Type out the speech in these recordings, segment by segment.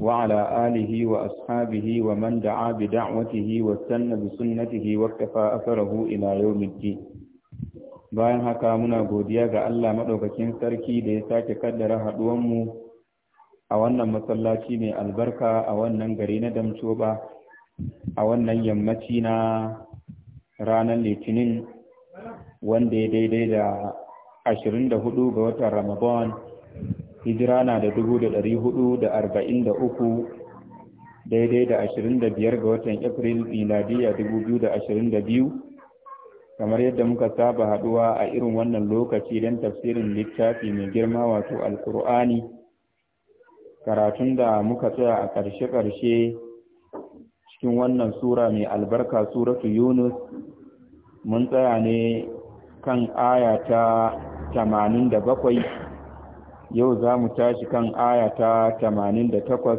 وعلى آله وأصحابه ومن دعا بدعوته واستنى بسنته واكتفى أثره إلى يوم الدين bayan haka muna godiya ga Allah maɗaukakin sarki da ya sake kaddara haɗuwanmu a wannan masallaci mai albarka a wannan gari na damcoba a wannan yammaci na ranar litinin wanda ya daidai da 24 ga watan ramadan hijira na da dubu da dari hudu da arba'in da uku daidai da ashirin da biyar ga watan april miladiya dubu biyu da ashirin da biyu kamar yadda muka saba haduwa a irin wannan lokaci don tafsirin littafi mai girma wato alkur'ani karatun da muka tsaya a ƙarshe-ƙarshe cikin wannan sura mai albarka suratu yunus mun tsaya ne kan aya ta bakwai. yau za mu tashi kan aya ta takwas,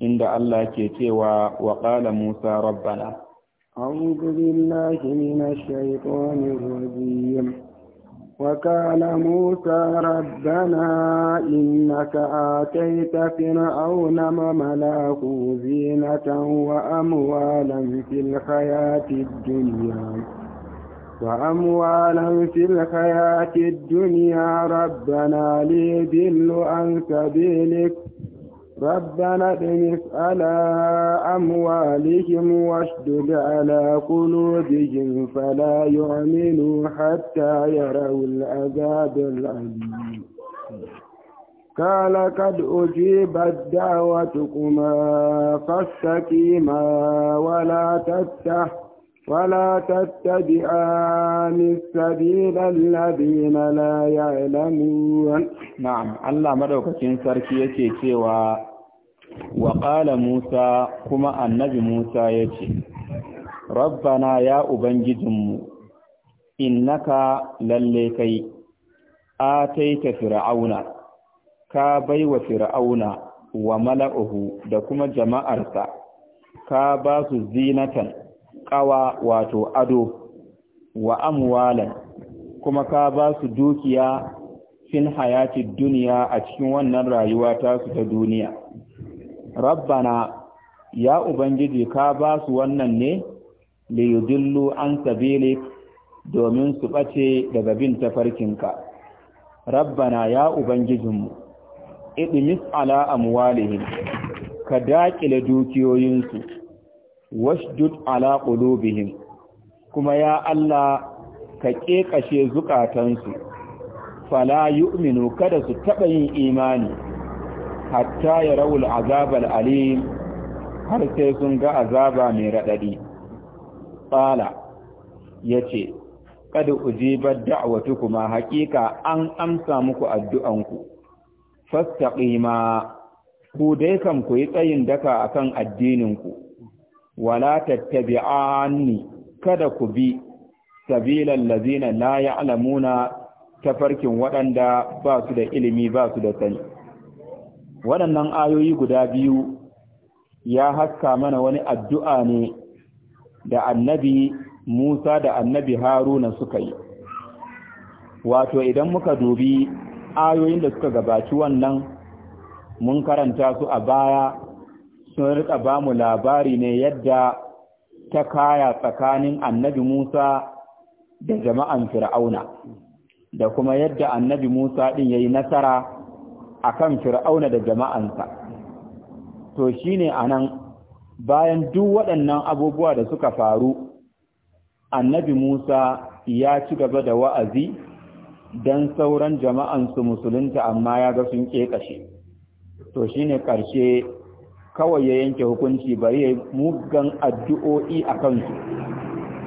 inda Allah ke cewa wa qala Musa rabbana a'udhu billahi minash shaitanir rajim wa qala Musa rabbana innaka ataita auna mamala, malaku zinatan wa amwalan fil hayatid duniya. وأموالا في الحياة الدنيا ربنا ليضلوا عن سبيلك ربنا اطمس على أموالهم واشدد على قلوبهم فلا يؤمنوا حتى يروا العذاب الأليم قال قد أجيبت دعوتكما فاستقيما ولا تستحق ولا تتبعان السبيل الذين لا يعلمون نعم الله مدوكين سركي yake cewa wa Musa kuma annabi Musa ya yace Rabbana ya ubangijinmu ka lalle kai ataita fir'auna ka baiwa fir'auna wa mala'uhu da kuma jama'arsa ka ba su zinatan ƙawa wato ado wa amwalan kuma ka ba su dukiya fin hayati duniya a cikin wannan rayuwa ta su ta duniya rabbana ya ubangiji ka ba su wannan ne liyudillu an sabili domin su ɓace daga bin tafarkinka rabbana ya mu, idmis ala amwalihim ka daƙile dukiyoyinsu washdud ala qulubihim kuma ya Allah ka kekashe zukatansu fala yu'minu kada su taba yin imani hatta yarawul azabal alim har sai sun ga azaba mai radadi qala yace kada ujibar da'watu kuma haƙiƙa an amsa muku addu'anku fastaqima ku dai kam ku yi tsayin daka akan addininku wala tattabi'anni kada ku bi sabilan lazina la ya'lamuna tafarkin waɗanda ba su da ilimi ba su da sani waɗannan ayoyi guda biyu ya haska mana wani addu'a ne da annabi Musa da annabi Haruna suka yi wato idan muka dubi ayoyin da suka gabaci wannan mun karanta su a baya sun rika ba mu labari ne yadda ta kaya tsakanin annabi Musa da jama'an Fir'auna, da kuma yadda annabi Musa ɗin ya yi nasara a kan Fir'auna da jama'ansa. To shi ne a nan, bayan duk waɗannan abubuwa da suka faru, annabi Musa ya ci gaba da wa'azi don sauran jama'ansu musulunta amma ya ga sun ƙeƙashe. To shi ne ƙarshe kawai ya yanke hukunci bari ya mugan addu'o'i a kansu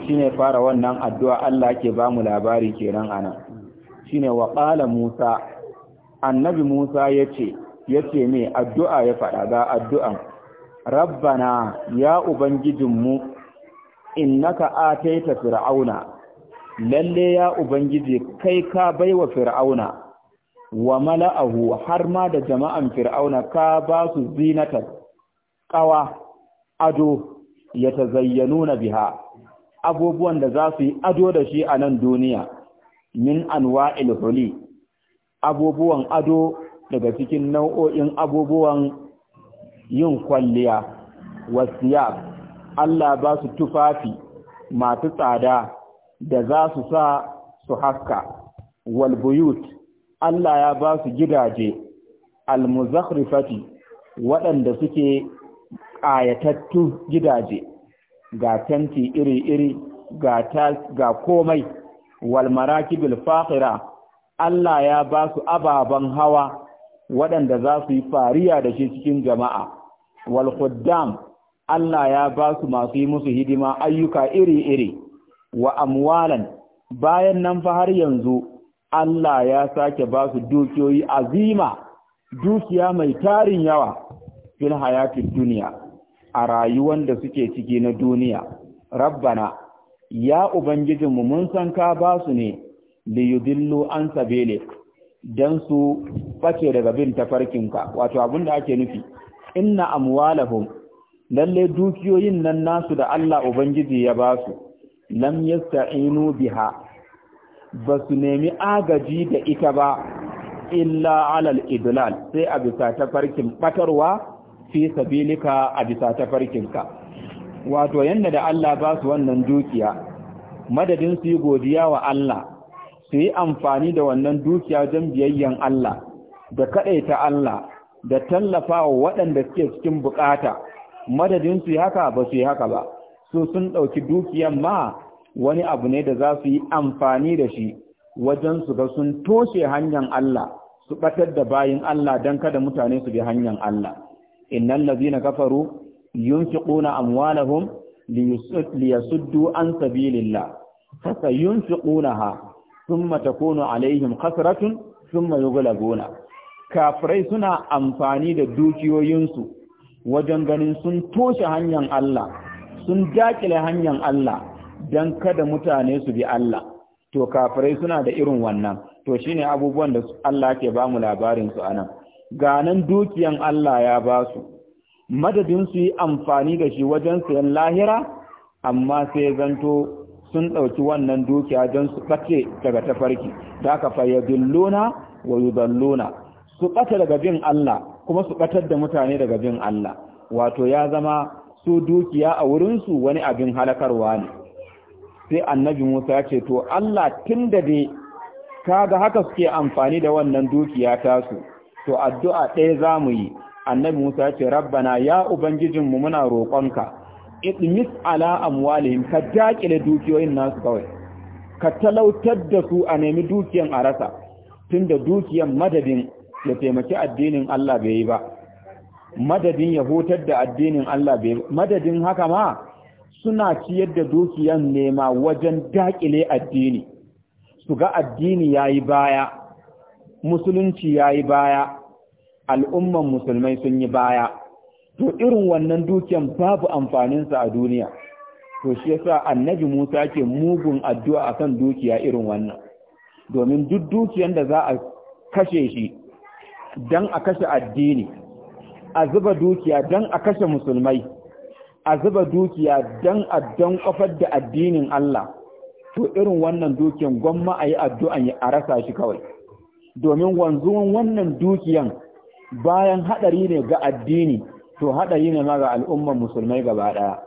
shi ne fara wannan addu'a Allah ke ba mu labari ke nan ana shi ne wa ƙala Musa annabi Musa ya ce ya ce ne addu'a ya faɗa ga addu'an rabbana ya Ubangijinmu innaka ataita fir'auna lalle ya Ubangiji kai ka baiwa fir'auna wa mala'ahu har ma da jama'an fir'auna ka ba su zinatar ƙawa ado ya tazayyanu na biha abubuwan da za su yi ado da shi a nan duniya min anwa'il huli abubuwan ado daga cikin nau'o'in abubuwan yin kwalliya wasiya Allah ba su tufafi masu tsada da za su sa su haska walbuyut Allah ya ba su gidaje almuzakrifati waɗanda suke ƙayatattun gidaje ga tenti iri-iri ga komai wal marakibul fahira Allah ya ba su ababen hawa waɗanda za su yi fariya da shi cikin jama'a wal Allah ya ba su masu yi musu hidima ayyuka iri-iri wa amwalan bayan nan fa har yanzu Allah ya sake ba su dukiyoyi azima dukiya mai tarin yawa fil hayatid duniya a rayuwan da suke ciki na duniya rabbana ya mu mun san ka ba su ne li yudillu an sabele dan su face daga bin tafarkinka wato abin da ake nufi inna amwalahum lalle dukiyoyin nan nasu da Allah ubangiji ya ba su lam yasta'inu biha ba su nemi agaji da ita ba illa alal idlal sai a bisa tafarkin batarwa fi sabilika a bisa tafarkinka wato yanda da Allah ba su wannan dukiya madadin su yi godiya wa Allah su yi amfani da wannan dukiya don biyayyen Allah da kaɗaita Allah da tallafa wa waɗanda suke cikin bukata madadin su yi haka ba su yi haka ba su sun ɗauki dukiyan ma wani abu ne da za su yi amfani da shi wajen su ga sun toshe hanyar Allah su ɓatar da bayin Allah don kada mutane su bi hanyar Allah innal ladhina kafaru yunfiquna amwalahum liyasuddu an sabilillah fasayunfiqunaha thumma takunu alaihim khasratun thumma yughlabuna kafirai suna amfani da dukiyoyinsu wajen ganin sun toshe hanyar Allah sun dakile hanyar Allah don kada mutane su bi Allah to kafirai suna da irin wannan to shine abubuwan da Allah ke bamu labarin su anan ganan dukiyan Allah ya ba su madadin su yi amfani da shi wajen sayan lahira amma sai zanto sun ɗauki wannan dukiya don su ɓace daga tafarki da aka Lona wa yudalluna su ɓata daga bin Allah kuma su ɓatar da mutane daga bin Allah wato ya zama su dukiya a wurinsu wani abin halakarwa ne sai annabi Musa ya ce to Allah tun da dai kaga haka suke amfani da wannan dukiya tasu to addu'a ɗaya za mu yi annabi musa ya ce rabbana ya ubangijinmu muna roƙonka idmis ala amwalihim ka daƙile dukiyoyin nasu kawai ka talautar da su a nemi dukiyan a rasa tunda dukiyan madadin ya taimaki addinin Allah bai yi ba madadin ya hutar da addinin Allah bai madadin haka ma suna ciyar da dukiyan nema wajen daƙile addini su ga addini yayi baya musulunci ya yi baya al'umman musulmai sun yi baya to irin wannan dukiyan babu amfaninsa a duniya to shi yasa annabi Musa ke mugun addu'a a kan dukiya irin wannan domin duk dukiyan da za a kashe shi don a kashe addini a zuba dukiya don a kashe musulmai a zuba dukiya don a don kofar da addinin Allah to irin wannan dukiyan gwamma a yi addu'an ya rasa shi kawai domin wanzuwan wannan dukiyan bayan hadari ne ga addini to haɗari ne ma ga al'umman musulmai gaba daya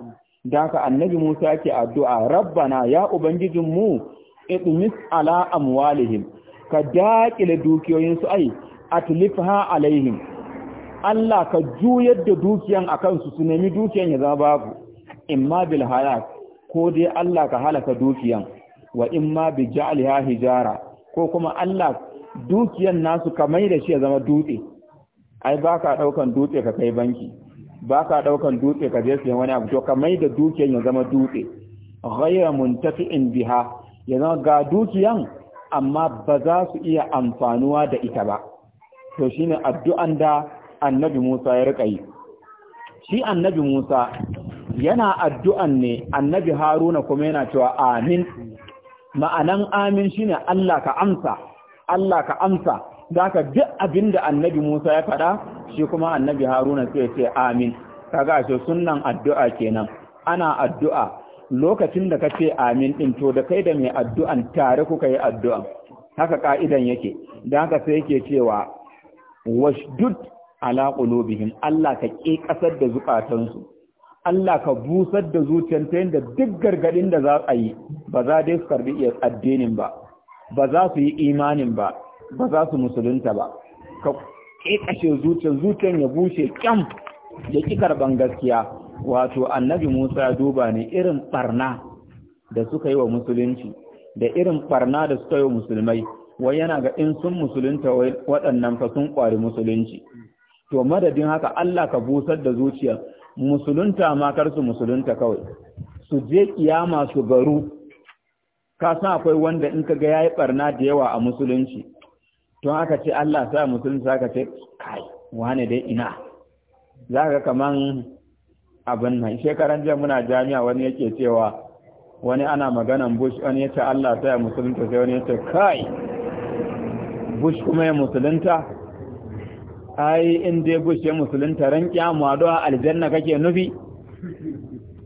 da ka annabi Musa yake addu'a rabbana ya ubangijinmu itmis ala amwalihim ka dakile dukiyoyinsu ai atlifha alaihim Allah ka juyar da dukiyan a kansu su nemi dukiyan ya zama babu imma bil halak ko dai Allah ka halaka dukiyan wa imma bi ja'liha hijara ko kuma Allah dukiyan nasu kamai da shi ya zama dutse ai ba ka ɗaukan dutse ka kai banki baka ka ɗaukan dutse ka je siyan wani abu to kamai da dukiyan ya zama dutse ghayra muntafi'in biha ya zama ga dukiyan amma ba za su iya amfanuwa da ita ba to shine addu'an da annabi Musa ya rika yi shi annabi Musa yana addu'an ne annabi Haruna kuma yana cewa amin ma'anan amin shine Allah ka amsa Allah ka amsa da ka duk abin da annabi Musa ya faɗa shi kuma annabi Haruna sai ce amin kaga ce sunnan addu'a kenan ana addu'a lokacin da ka ce amin din to da kai da mai addu'an tare kuka yi addu'a haka ka'idan yake da haka sai yake cewa washdud ala qulubihim Allah ka ke kasar da zukatansu Allah ka busar da zuciyar ta yadda duk gargadin da za a yi ba za dai su karbi iya addinin ba ba za su yi imanin ba ba za su musulunta ba ka ƙeƙashe zuciyar zuciyar ya bushe ƙyam ya ƙi karɓan gaskiya wato annabi musa duba ne irin ɓarna da suka yi wa musulunci da irin ɓarna da suka yi wa musulmai wai yana ga in sun musulunta waɗannan fa sun ƙwari musulunci to madadin haka Allah ka busar da zuciyar musulunta ma kar su musulunta kawai su je kiyama su garu ka san akwai wanda in ka ga yayi barna da yawa a musulunci to aka ce Allah sa musulunci aka ce kai wane dai ina zaka kaman abin nan shekaran jiya muna jami'a wani yake cewa wani ana maganan bush wani yace Allah sa musulunta sai wani yace kai bush kuma ya musulunta ai in dai bush ya musulunta ran kiyama addu'a aljanna kake nufi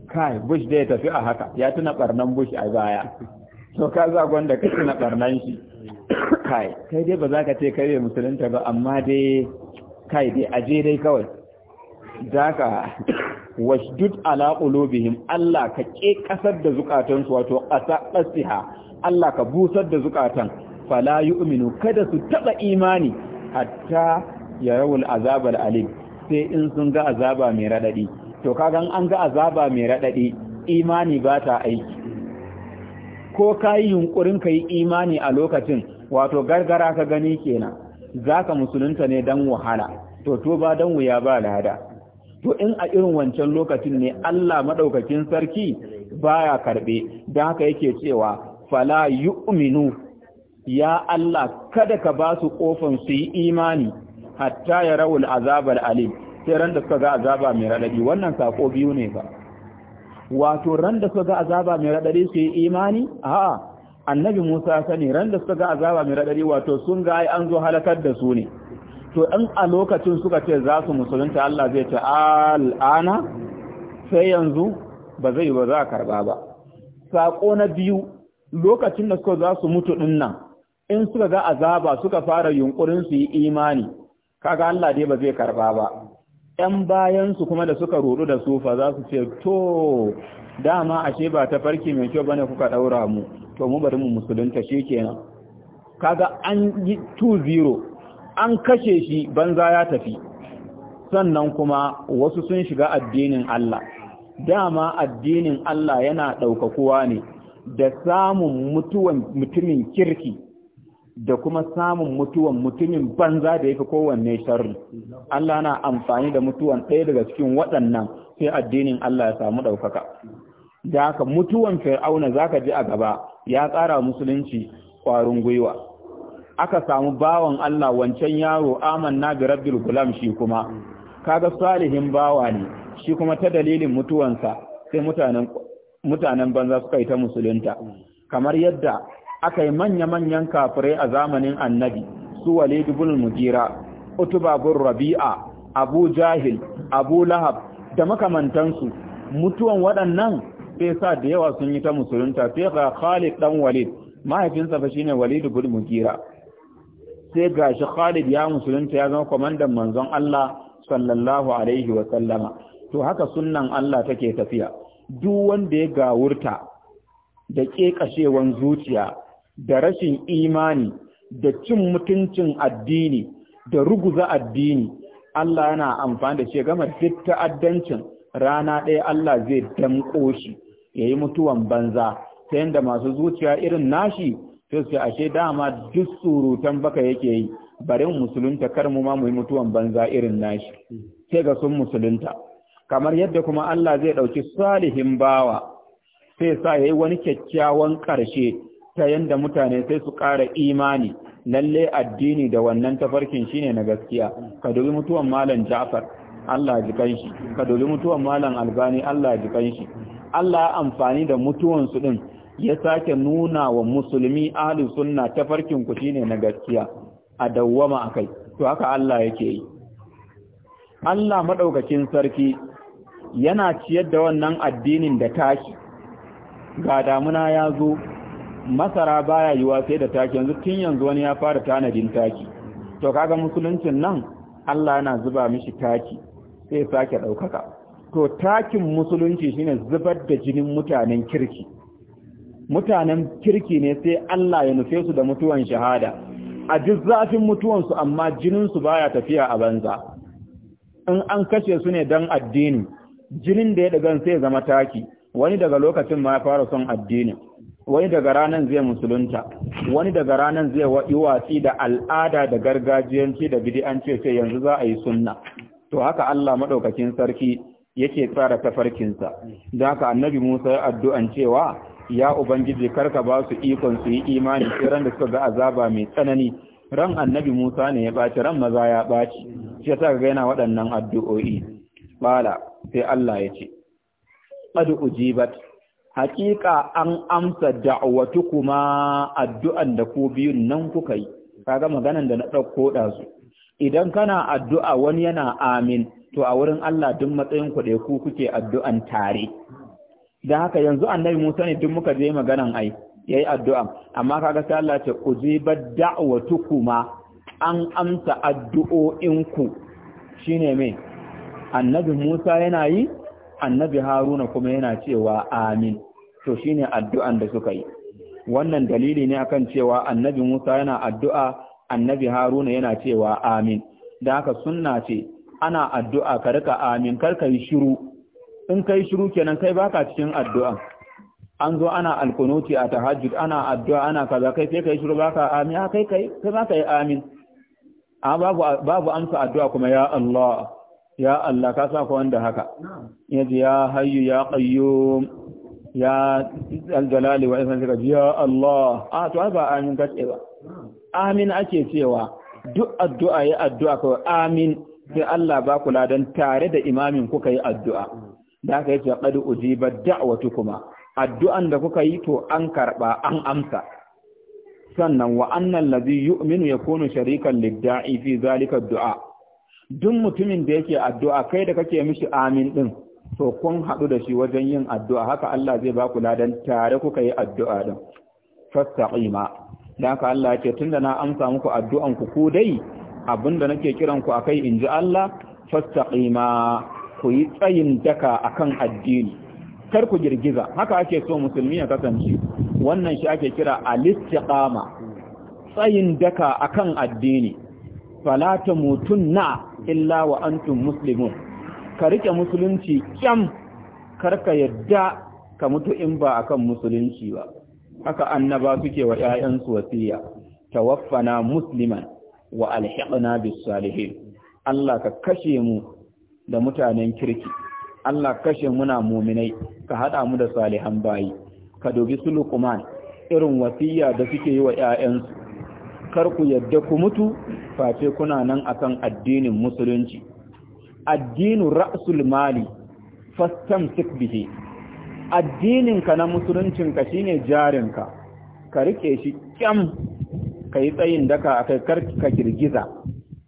kai bush dai tafi a haka ya tuna barnan bush a baya to ka zagon da ka na barnan shi kai kai dai ba za ka ce kai musulunta ba amma dai kai dai aje dai kawai daga wasdud ala qulubihim Allah ka ke kasar da zukatansu wato qasa qasiha Allah ka busar da zukatan fala yu'minu kada su taba imani hatta ya yarawul azabal alim sai in sun ga azaba mai radadi to kaga an ga azaba mai radadi imani ba ta aiki ko ka yi yunkurin ka yi imani a lokacin wato gargara ka gani kenan za ka musulunta ne dan wahala to to ba don wuya ba lada to in a irin wancan lokacin ne Allah maɗaukakin sarki baya karɓe don haka yake cewa fala yu'minu ya Allah kada ka ba su ƙofan su yi imani hatta ya rawul azabar alim sai ran da suka ga azaba mai raɗaɗi wannan sako biyu ne ba wato ran da suka ga azaba mai radari su yi imani a annabi Musa sani ran da suka ga azaba mai radari wato sun ga ai an zo halakar da su ne to in a lokacin suka ce za su musulunta Allah zai ce al'ana sai yanzu ba zai ba za a karba ba sako na biyu lokacin da suka za su mutu dinnan in suka ga azaba suka fara yunkurin su yi imani kaga Allah dai ba zai karba ba ‘yan bayansu kuma da suka rudu da sufa za su ce, To, dama ashe ba ta farki mai kyau ba bane kuka ɗaura mu, to mu bari mu musulunta shi kenan. Kaga an yi tu 0 an kashe shi banza ya tafi, sannan kuma wasu sun shiga addinin Allah. Dama addinin Allah yana ɗaukakuwa ne da samun mutumin kirki da kuma samun mutuwan mutumin banza da ya fi kowanne sharri. Allah na amfani da mutuwan ɗaya daga cikin waɗannan sai addinin Allah ya samu ɗaukaka. Da haka mutuwan fir'auna za ka ji a gaba ya tsara musulunci ƙwarin gwiwa. Aka samu bawan Allah wancan yaro amanna bi rabbil gulam shi kuma. Kaga salihin bawa ne shi kuma ta dalilin mutuwansa sai mutanen banza suka yi ta musulunta. Kamar yadda aka yi manya-manyan kafirai a zamanin annabi su walid ibn mujira utuba rabi'a abu jahil abu lahab da makamantansu mutuwan waɗannan sai sa da yawa sun yi ta musulunta sai ga khalid dan walid mahaifinsa fa shine walid ibn mujira sai ga shi khalid ya musulunta ya zama kwamandan manzon Allah sallallahu alaihi wa sallama to haka sunnan Allah take tafiya duk wanda ya gawurta da kekashewan zuciya da rashin imani da cin mutuncin addini da ruguza addini Allah yana amfani da shi gama duk ta'addancin rana ɗaya Allah zai damƙo shi ya yi mutuwan banza ta yadda masu zuciya irin nashi sai su ashe dama duk surutan baka yake yi barin musulunta kar mu ma mu yi mutuwan banza irin nashi sai ga sun musulunta kamar yadda kuma Allah zai ɗauki salihin bawa sai sa ya yi wani kyakkyawan ƙarshe ta yanda mutane sai su ƙara imani lalle addini da wannan tafarkin shine na gaskiya ka dubi mutuwan malam Ja'far Allah ji kanshi ka dubi mutuwan malam Albani Allah ji kanshi Allah ya amfani da mutuwan su din ya sake nuna wa musulmi ahli sunna tafarkin ku shine na gaskiya a dawwama akai to haka Allah yake yi Allah madaukakin sarki yana ciyar da wannan addinin da tashi ga damuna ya zo masara baya yiwa sai da taki yanzu tun yanzu wani ya fara tanadin taki to kaga musuluncin nan Allah yana zuba mishi taki sai sake ɗaukaka to takin musulunci shine zubar da jinin mutanen kirki mutanen kirki ne sai Allah ya nufe su da mutuwan shahada a duk zafin mutuwansu amma jininsu baya tafiya a banza in an kashe su ne don addini jinin da ya ɗagan sai zama taki wani daga lokacin ma ya fara son addini wani daga ranan zai musulunta wani daga ranan zai yi watsi da al'ada da gargajiyanci da bid'anci sai yanzu za a yi sunna to haka Allah madaukakin sarki yake tsara tafarkinsa don haka annabi Musa ya addu'an cewa ya ubangiji karka ba su ikon su yi imani sai ran da suka ga azaba mai tsanani ran annabi Musa ne ya baci ran maza ya baci shi yasa ga yana waɗannan addu'o'i bala sai Allah ya ce qad ujibat haƙiƙa an amsa da'awatu kuma addu'an da ku biyun nan kuka yi kaga maganan da na ɗauko su. idan kana addu'a wani yana amin to a wurin Allah duk matsayin ku ku kuke addu'an tare da haka yanzu annabi Musa ne duk muka je maganan ai yayi addu'a amma kaga sai Allah ce da'awatu da'watukuma an amsa addu'o'inku shine me annabi Musa yana yi annabi Haruna kuma yana cewa amin to shine addu'an da suka yi wannan dalili ne akan cewa annabi Musa yana addu'a annabi Haruna yana cewa amin da haka sunna ce ana addu'a ka rika amin kar ka yi shiru in kai shiru kenan kai baka cikin addu'a an zo ana alkunuti a tahajjud ana addu'a ana kaza kai sai kai shiru baka amin kai kai kai baka yi amin a babu babu amsa addu'a kuma ya Allah ya Allah ka sa ku wanda haka yaji ya hayyu ya qayyum ya aljalali wa isan suka ji ya Allah a to ba amin ka ce ba amin ake cewa duk addu'a ya addu'a ko amin sai Allah ba kula dan tare da imamin kuka yi addu'a da aka yi qad da'watu da'watukuma addu'an da kuka yi to an karɓa an amsa sannan wa annal ladhi yu'minu yakunu sharikan lidda'i fi zalika du'a duk mutumin da yake addu'a kai da kake mishi amin din. to kun haɗu da shi wajen yin addu'a haka Allah zai ba ku ladan tare kuka yi addu'a din fastaqima dan haka Allah ya ce da na amsa muku addu'an ku ku dai abinda nake kiran ku in ji Allah fastaqima ku yi tsayin daka akan addini kar ku girgiza haka ake so musulmi ya kasance wannan shi ake kira al tsayin daka akan addini mutum na illa wa antum muslimun ka rike musulunci kyam karka yadda ka mutu in ba akan musulunci ba haka annaba suke wa ƴaƴansu wasiya tawaffana musliman wa alhiqna bis salihin Allah ka kashe mu da mutanen kirki Allah kashe muna muminai ka haɗa mu da salihan bayi ka dobi sulukuman irin wasiya da suke yi wa ƴaƴansu kar ku yadda ku mutu face kuna nan akan addinin musulunci addinu ra'sul mali fastamsik bihi addininka na musuluncinka shine jarinka ka rike shi kyam ka yi tsayin daka akai ka girgiza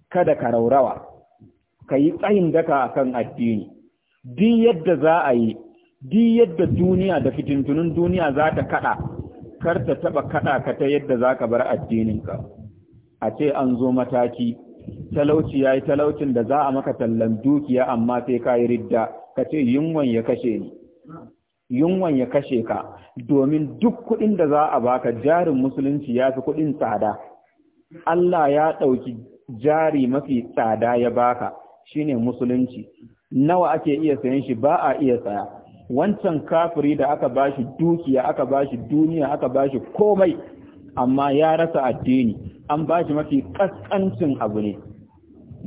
kada ka raurawa ka yi tsayin daka akan addini Din yadda za a yi din yadda duniya da fitintunun duniya za ta kada kar ta taba kada ka ta yadda za ka bar addininka a ce an zo mataki talauci ya yi talaucin da za a maka tallan dukiya amma sai ka yi ridda ka ce yunwan ya kashe ni yunwan ya kashe ka domin duk kuɗin da za a baka jarin musulunci ya fi kuɗin tsada Allah ya ɗauki jari mafi tsada ya baka shine musulunci nawa ake iya sayan shi ba a iya saya wancan kafiri da aka bashi dukiya aka bashi duniya aka bashi komai amma ya rasa addini an ba shi mafi kaskancin abu ne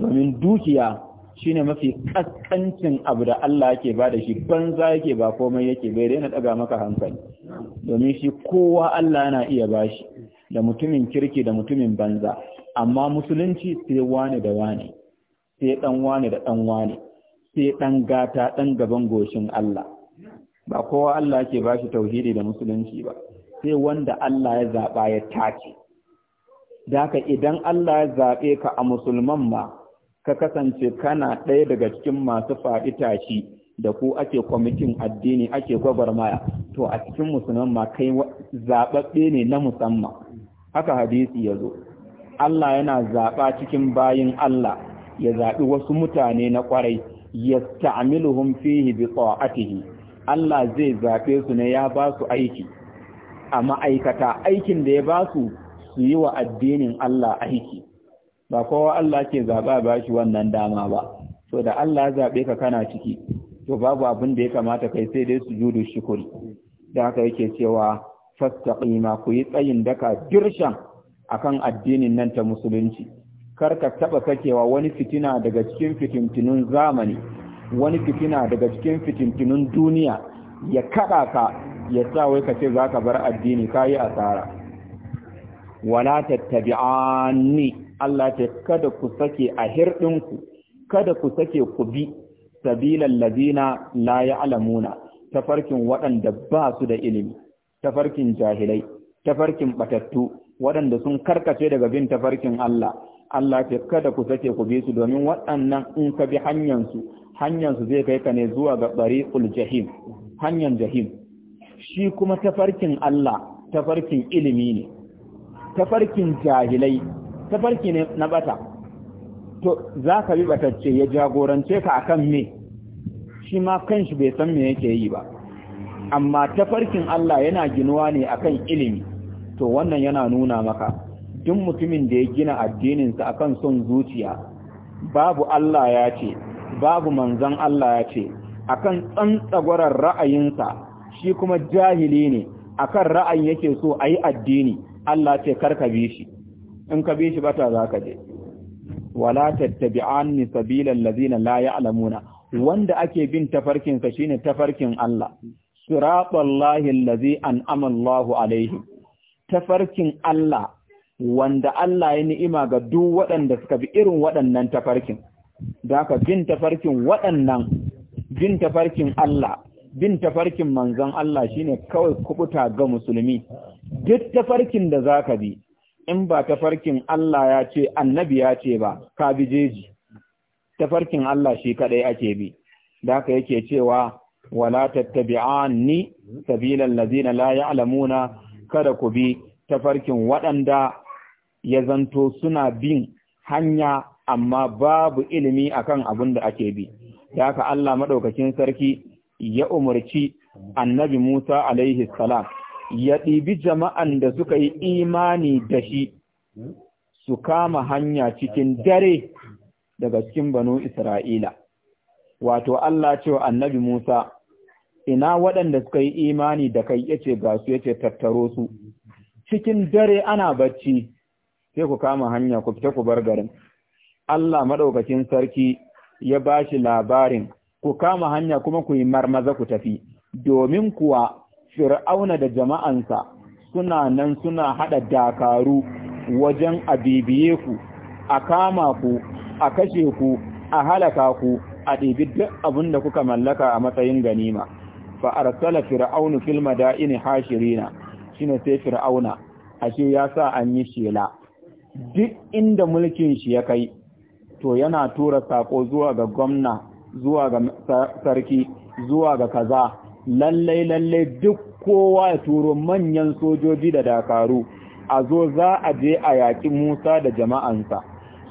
domin dukiya shine mafi kaskancin abu da Allah yake ba da shi banza yake ba komai yake bai daina daga maka hankali domin shi kowa Allah yana iya bashi da mutumin kirki da mutumin banza amma musulunci sai wane da wane sai dan wane da dan wane sai dan gata dan gaban goshin Allah ba kowa Allah yake bashi tauhidi da musulunci ba sai wanda Allah ya zaɓa ya tace. Daka idan Allah ya zaɓe ka a musulman ma, ka kasance kana ɗaya daga cikin masu faɗi tashi da ku ake kwamitin addini ake gwagwarmaya, to a cikin musulman ma kai zaɓaɓɓe ne na musamman. Haka hadisi ya zo. Allah yana zaɓa cikin bayin Allah ya zaɓi wasu mutane na ƙwarai, ya ta'amiluhum fihi bi ta'atihi. Allah zai zaɓe su ne ya ba su aiki. a ma'aikata aikin da ya ba su su yi wa addinin Allah aiki ba kowa Allah ke zaɓa ba shi wannan dama ba to da Allah zaɓe ka kana ciki to babu abin da ya kamata kai sai dai su judu shukuri da haka yake cewa ƙima ku yi tsayin daka a kan addinin nan ta musulunci kar ka taɓa sakewa wani fitina daga cikin fitintunun zamani wani fitina daga cikin fitintinun duniya ya kaɗa ka ya sa wai ka ce za ka bar addini ka yi asara wala tattabi'ani Allah ce kada ku sake a hirɗinku kada ku sake ku bi sabilan lazina la ya'lamuna tafarkin waɗanda ba su da ilimi tafarkin jahilai tafarkin batattu waɗanda sun karkace daga bin tafarkin Allah Allah ce kada ku sake ku bi su domin waɗannan in ka bi hanyansu hanyansu zai kai ka ne zuwa ga bari'ul jahim hanyan jahim shi kuma tafarkin Allah tafarkin ilimi ne tafarkin jahilai tafarki ne na bata to za ka bi batacce ya jagorance ka akan me shi ma kanshi bai san me yake yi ba amma tafarkin Allah yana ginuwa ne akan ilimi to wannan yana nuna maka duk mutumin da ya gina addininsa akan son zuciya babu Allah ya ce babu manzan Allah ya ce akan tsantsagwarar ra'ayinsa shi kuma jahili ne A kan ra'ayin yake so a yi addini Allah ce karka bi shi in ka bi shi bata ka je wala tattabi'anni sabilal lazina la alamuna wanda ake bin tafarkinsa shi shine tafarkin Allah siratallahi allazi an Allahu alaihi tafarkin Allah wanda Allah ya ni'ima ga duk waɗanda suka bi irin waɗannan tafarkin da ka bin tafarkin waɗannan bin tafarkin Allah bin tafarkin manzon Allah shine kawai kubuta ga musulmi duk tafarkin da zaka bi in ba tafarkin Allah ya ce annabi ya ce ba ka bi jeji tafarkin Allah shi kadai ake bi da haka yake cewa wala tattabi'anni sabilal ladina la ya'lamuna kada ku bi tafarkin waɗanda ya zanto suna bin hanya amma babu ilimi akan abin da ake bi da haka Allah madaukakin sarki ya umarci annabi Musa alaihi salam ya ɗibi jama'an da suka yi imani da shi su kama hanya cikin dare daga cikin banu Isra'ila. Wato Allah cewa annabi Musa, ina waɗanda suka yi imani da kai yace ga su yace tattaro su, cikin dare ana bacci sai ku kama hanya ku fita ku bar garin. Allah maɗaukacin sarki ya ba shi labarin ku kama hanya kuma ku yi marmaza ku tafi domin kuwa fir'auna da jama'ansa suna nan suna hada dakaru wajen abibiye ku a kama ku a kashe ku a halaka ku a ɗibi duk abin da kuka mallaka a matsayin ganima fa arsala fir'aunu fil madaini hashirina shine sai fir'auna ashe ya sa an yi shela duk inda mulkin shi ya kai to yana tura sako zuwa ga gwamna zuwa ga sarki zuwa ga kaza lallai lallai duk kowa ya turo manyan sojoji da dakaru a zo za a je a yaƙi Musa da jama'ansa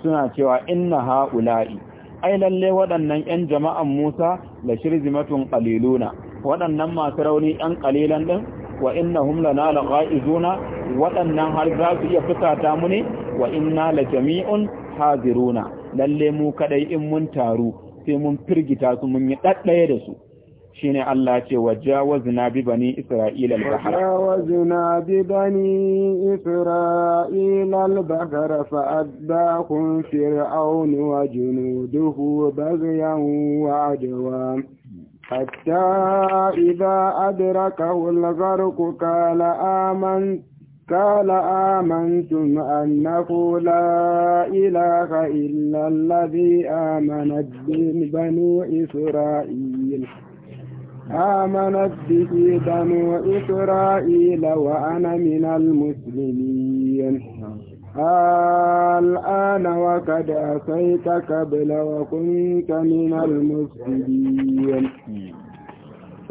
suna cewa inna ha'ula'i ai lallai waɗannan ƴan jama'an Musa la shirzimatun qaliluna waɗannan masu rauni 'yan qalilan din wa innahum lana laqaizuna waɗannan har za su iya fusata mu ne wa inna la jami'un haziruna lalle mu kadai in mun taru sai mun firgita su mun yi ɗaɗɗaya da su shine Allah ce wajawazna bi bani isra'ila al-bahra wajawazna bi bani isra'ila al-bahra fa'adbahum fir'aun wa junuduhu baghyan wa adwa حتى adraka أدركه الغرق qala آمنت قال آمنتم أنه لا إله إلا الذي آمنت به بنو إسرائيل آمنت به بنو إسرائيل وأنا من المسلمين الآن وقد أتيت قبل وكنت من المسلمين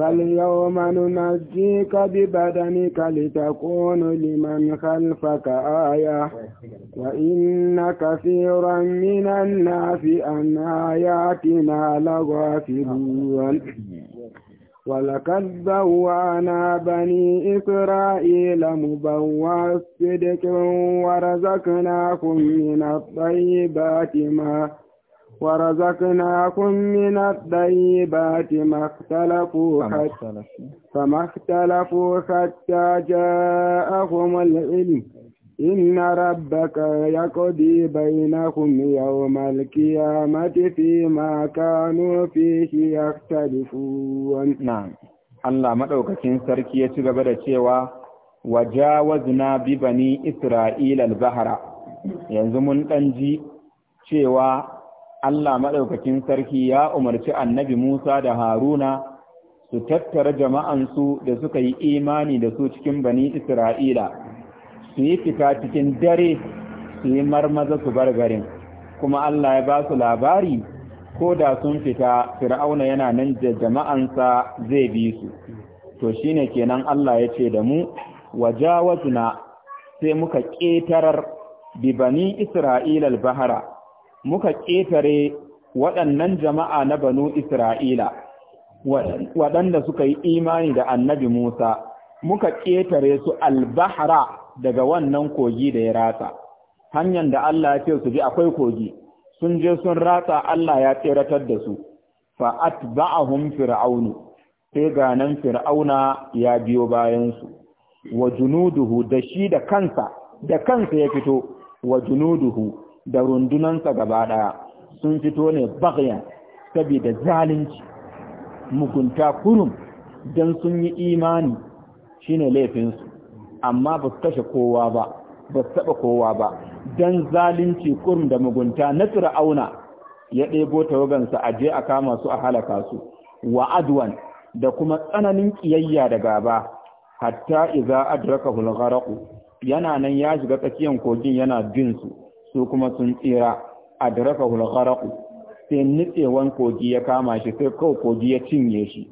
فاليوم ننجيك ببدنك لتكون لمن خلفك آية وإن كثيرا من الناس أن آياتنا لغافلون ولقد بوانا بني إسرائيل مبوى الصدق ورزقناكم من الطيبات ما ورزقناكم من الطيبات ما اختلفوا حتى فما اختلفوا حتى جاءهم العلم إن ربك يقضي بينهم يوم القيامة فيما كانوا فيه يختلفون نعم الله maɗaukakin sarki ya ci gaba da cewa wajawazna bi bani Isra'ila al-bahra yanzu cewa Allah maɗaukakin sarki ya umarci annabi Musa da Haruna su tattara jama'ansu da suka yi imani da su cikin bani Isra'ila, su yi fita cikin dare su yi marmaza su bar garin, kuma Allah ya ba su labari ko da sun fita fir'auna yana nan da jama'ansa zai bi su. To shine kenan Allah ya ce da mu, wajawazuna sai muka ƙetarar bi bani Isra'ilal bahara. muka ƙetare waɗannan jama'a na banu Isra'ila, waɗanda suka yi imani da annabi Musa, muka ƙetare su albahara daga wannan kogi da ya ratsa. Hanyar da Allah ya ce su ji akwai kogi, sun je sun ratsa Allah ya tseratar da su, fa'at ba'ahun fir'aunu, sai ganan fir'auna ya biyo bayansu, wa junuduhu da shi da kansa, da kansa ya fito, wa junuduhu da rundunansa gaba ɗaya sun fito ne bagyan saboda zalunci mugunta kurum don sun yi imani shine laifinsu amma ba su kashe kowa ba ba su taɓa kowa ba don zalunci kurum da mugunta na fir'auna ya ɗebo tawagansa a je a kama su a halaka su wa adwan da kuma tsananin ƙiyayya da gaba hatta iza adraka hulgharaku yana nan ya shiga tsakiyan kogin yana bin su su kuma sun tsira a daraka gharq sai nitsewan kogi ya kama shi sai kawai kogi ya cinye shi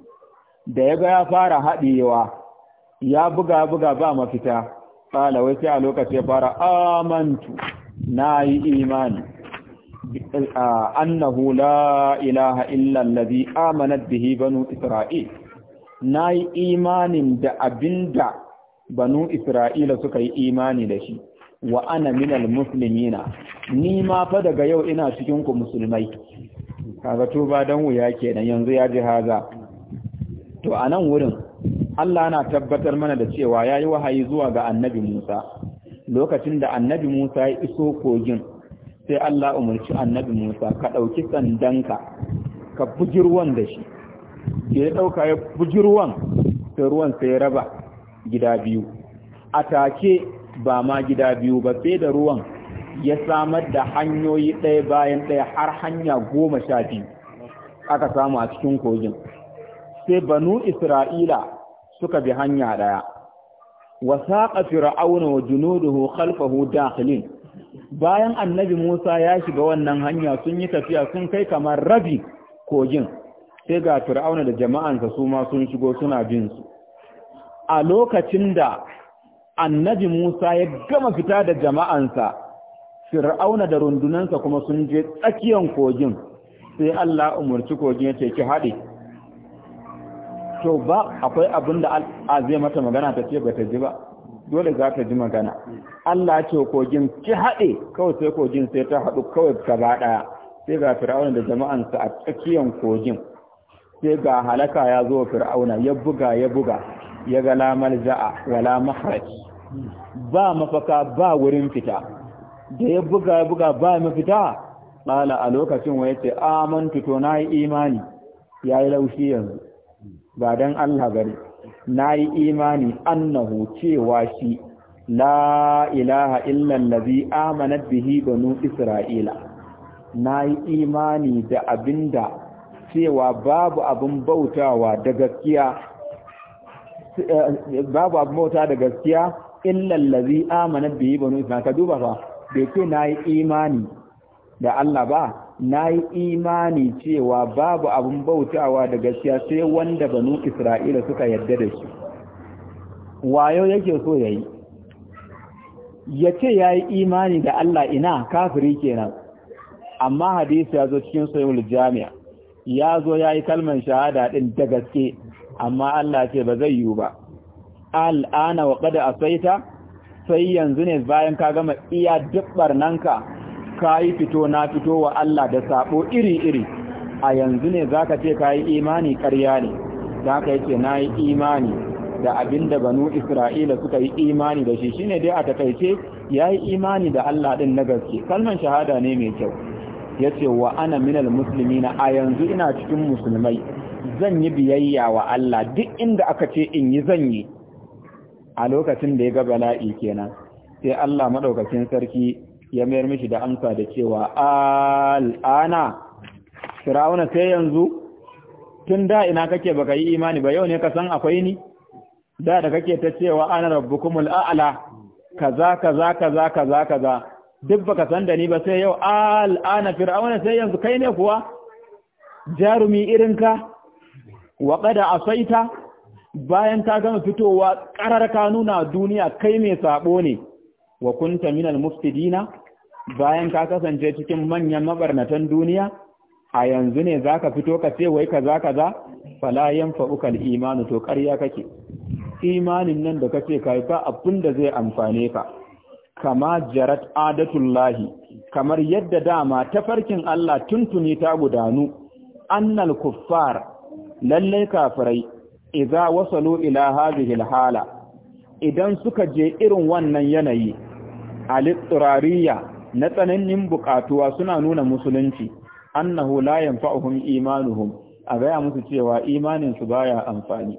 da ya ga ya fara haɗewa ya buga buga ba mafita tsala wai sai a lokaci ya fara amantu Na yi imani annahu la ilaha illa allazi amanat bihi banu isra'il Na yi imanin da abinda banu isra'ila suka yi imani da shi wa ana minal muslimina ni ma fa daga yau ina cikin ku musulmai kaga to ba dan wuya kenan yanzu ya ji haza to anan wurin Allah yana tabbatar mana da cewa yayi wahayi zuwa ga Annabi Musa lokacin da Annabi Musa ya iso kogin sai Allah umarci Annabi Musa ka dauki sandanka ka bujirwan da shi ya dauka ya bujirwan sai ruwan sai raba gida biyu a take ba ma gida biyu ba sai da ruwan ya samar da hanyoyi ɗaya bayan ɗaya har hanya goma sha biyu aka samu a cikin kogin sai banu isra'ila suka bi hanya ɗaya wasaƙa fir'auna wa junuduhu khalfahu dakhilin bayan annabi Musa ya shiga wannan hanya sun yi tafiya sun kai kamar rabi kogin sai ga fir'auna da jama'ansa su ma sun shigo suna bin su a lokacin da annabi Musa ya gama fita da jama'ansa fir'auna da rundunansa kuma sun je tsakiyan kogin sai Allah umurci kogin ya ce ki haɗe to ba akwai abin da zai mata magana ta ce ba ta ji ba dole za ta ji magana Allah ce kogin ki haɗe kawai sai kogin sai ta haɗu kawai gaba ɗaya sai ga fir'auna da jama'ansa a tsakiyar kogin sai ga halaka ya zo fir'auna ya buga ya buga ya ga la malja'a wala mahraj ba mafaka ba wurin fita da ya buga ya buga ba mafita ɗala a lokacin wa yace amantu to na yi imani ya yi laushi yanzu ba don Allah bari na yi imani annahu cewa shi la ilaha illallazi amanat bihi banu isra'ila na yi imani da abinda cewa babu abin bautawa da gaskiya eh, babu abin bauta da gaskiya illal ladhi amana bihi banu isra'il ka duba fa bai ce nayi imani da Allah ba nayi imani cewa babu abun bautawa da gaskiya sai wanda banu isra'ila suka yarda da shi wayo yake so yayi yace yayi imani da Allah ina kafiri kenan amma hadisi yazo cikin sayul jami'a ya zo ya kalman shahada ɗin da gaske amma Allah ce ba zai yiwu ba al'ana wa a saita, sai yanzu ne bayan ka gama iya dubbar ka yi fito na fito wa Allah da sabo iri-iri a yanzu ne zaka ce ka yi imani ƙarya ne zaka yace yi imani da abinda banu Isra'ila suka yi imani da shi shine dai a takaice yayi imani da Allah ɗin na gaske kalman shahada ne mai kyau yace wa ana minal muslimina a yanzu ina cikin musulmai zan yi biyayya wa Allah duk inda aka ce in yi zan yi a lokacin da ya ga bala'i kenan sai Allah madaukakin sarki ya mayar mishi da amsa da cewa al'ana Firauna sai yanzu tun da ina kake baka yi imani ba yau ne ka san akwai ni da da kake ta cewa ana rabbukumul a'la kaza kaza kaza kaza kaza duk baka san da ni ba sai yau al'ana fir'auna sai yanzu kai ne kuwa jarumi irin ka. wa qada asaita bayan ka gama fitowa ƙarar ka nuna duniya kai mai saɓo ne wa kunta minal muftidina bayan ka kasance cikin manyan mabarnatan duniya a yanzu ne za ka fito ka ce wai kaza kaza za falayen fa’ukan imanu to ƙarya kake imanin nan da kace yi, ba abin da zai amfane ka kama jarat adatullahi kamar yadda dama ta farkin Allah tuntuni ta gudanu annal kuffar lallai kafirai Iza wasalu ila hadhihi alhala idan suka je irin wannan yanayi al-turariya na tsananin bukatuwa suna nuna musulunci annahu la yanfa'uhum imanuhum a gaya musu cewa imanin su baya amfani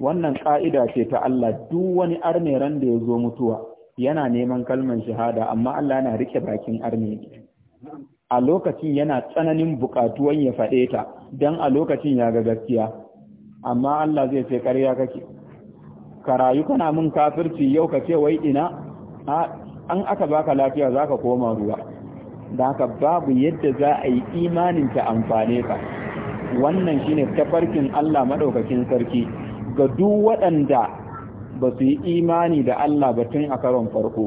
wannan ka'ida ce ta Allah duk wani arne ran da yazo mutuwa yana neman kalman shahada amma Allah yana rike bakin arne a lokacin yana tsananin bukatuwan ya faɗe ta don a lokacin ya ga gaskiya amma Allah zai ce ƙarya kake ka rayu kana mun kafirci yau ka ce wai ina an aka baka lafiya zaka koma ruwa da haka babu yadda za a yi imanin ta amfane ka wannan shine tafarkin Allah maɗaukakin sarki ga duk waɗanda ba su yi imani da Allah ba tun a karon farko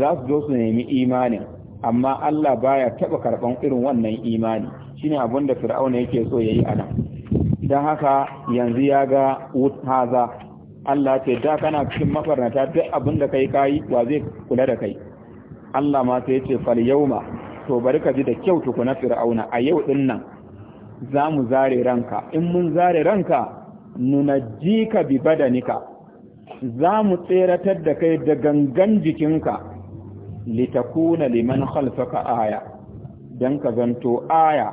za su zo su nemi imanin amma Allah baya taɓa karɓan irin wannan imani shine abin da Fir'auna yake so yayi a nan don haka yanzu ya ga haza Allah ce da kana cikin mafarnata duk abin da kai kayi wa zai kula da kai Allah ma sai ce fal yauma to bari ka ji da kyau tukuna fir'auna a yau din nan za mu zare ranka in mun zare ranka nunajjika bi badanika za mu tseratar da kai da gangan jikinka litakuna liman khalfaka aya dan ka zanto aya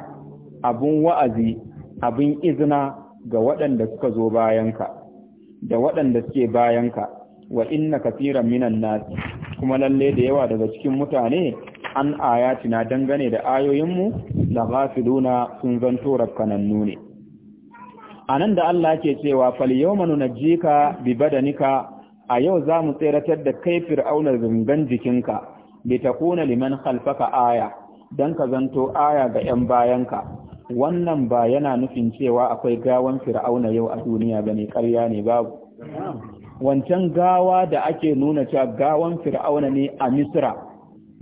abun wa'azi abin izina ga waɗanda suka zo bayanka da waɗanda suke bayanka wa inna kafiran minan nasi kuma lalle da yawa daga cikin mutane an na dangane da ayoyinmu la ghafiluna sun zanto rakkananu ne anan da Allah ke cewa fal yawma nunajjika bi badanika a yau zamu tseratar da kai fir'auna zungan jikinka bi takuna liman khalfaka aya dan ka zanto aya ga 'yan bayanka wannan ba yana nufin cewa akwai gawan fir'auna yau a duniya bane ƙarya ne babu wancan gawa da ake nuna cewa gawan fir'auna ne a misra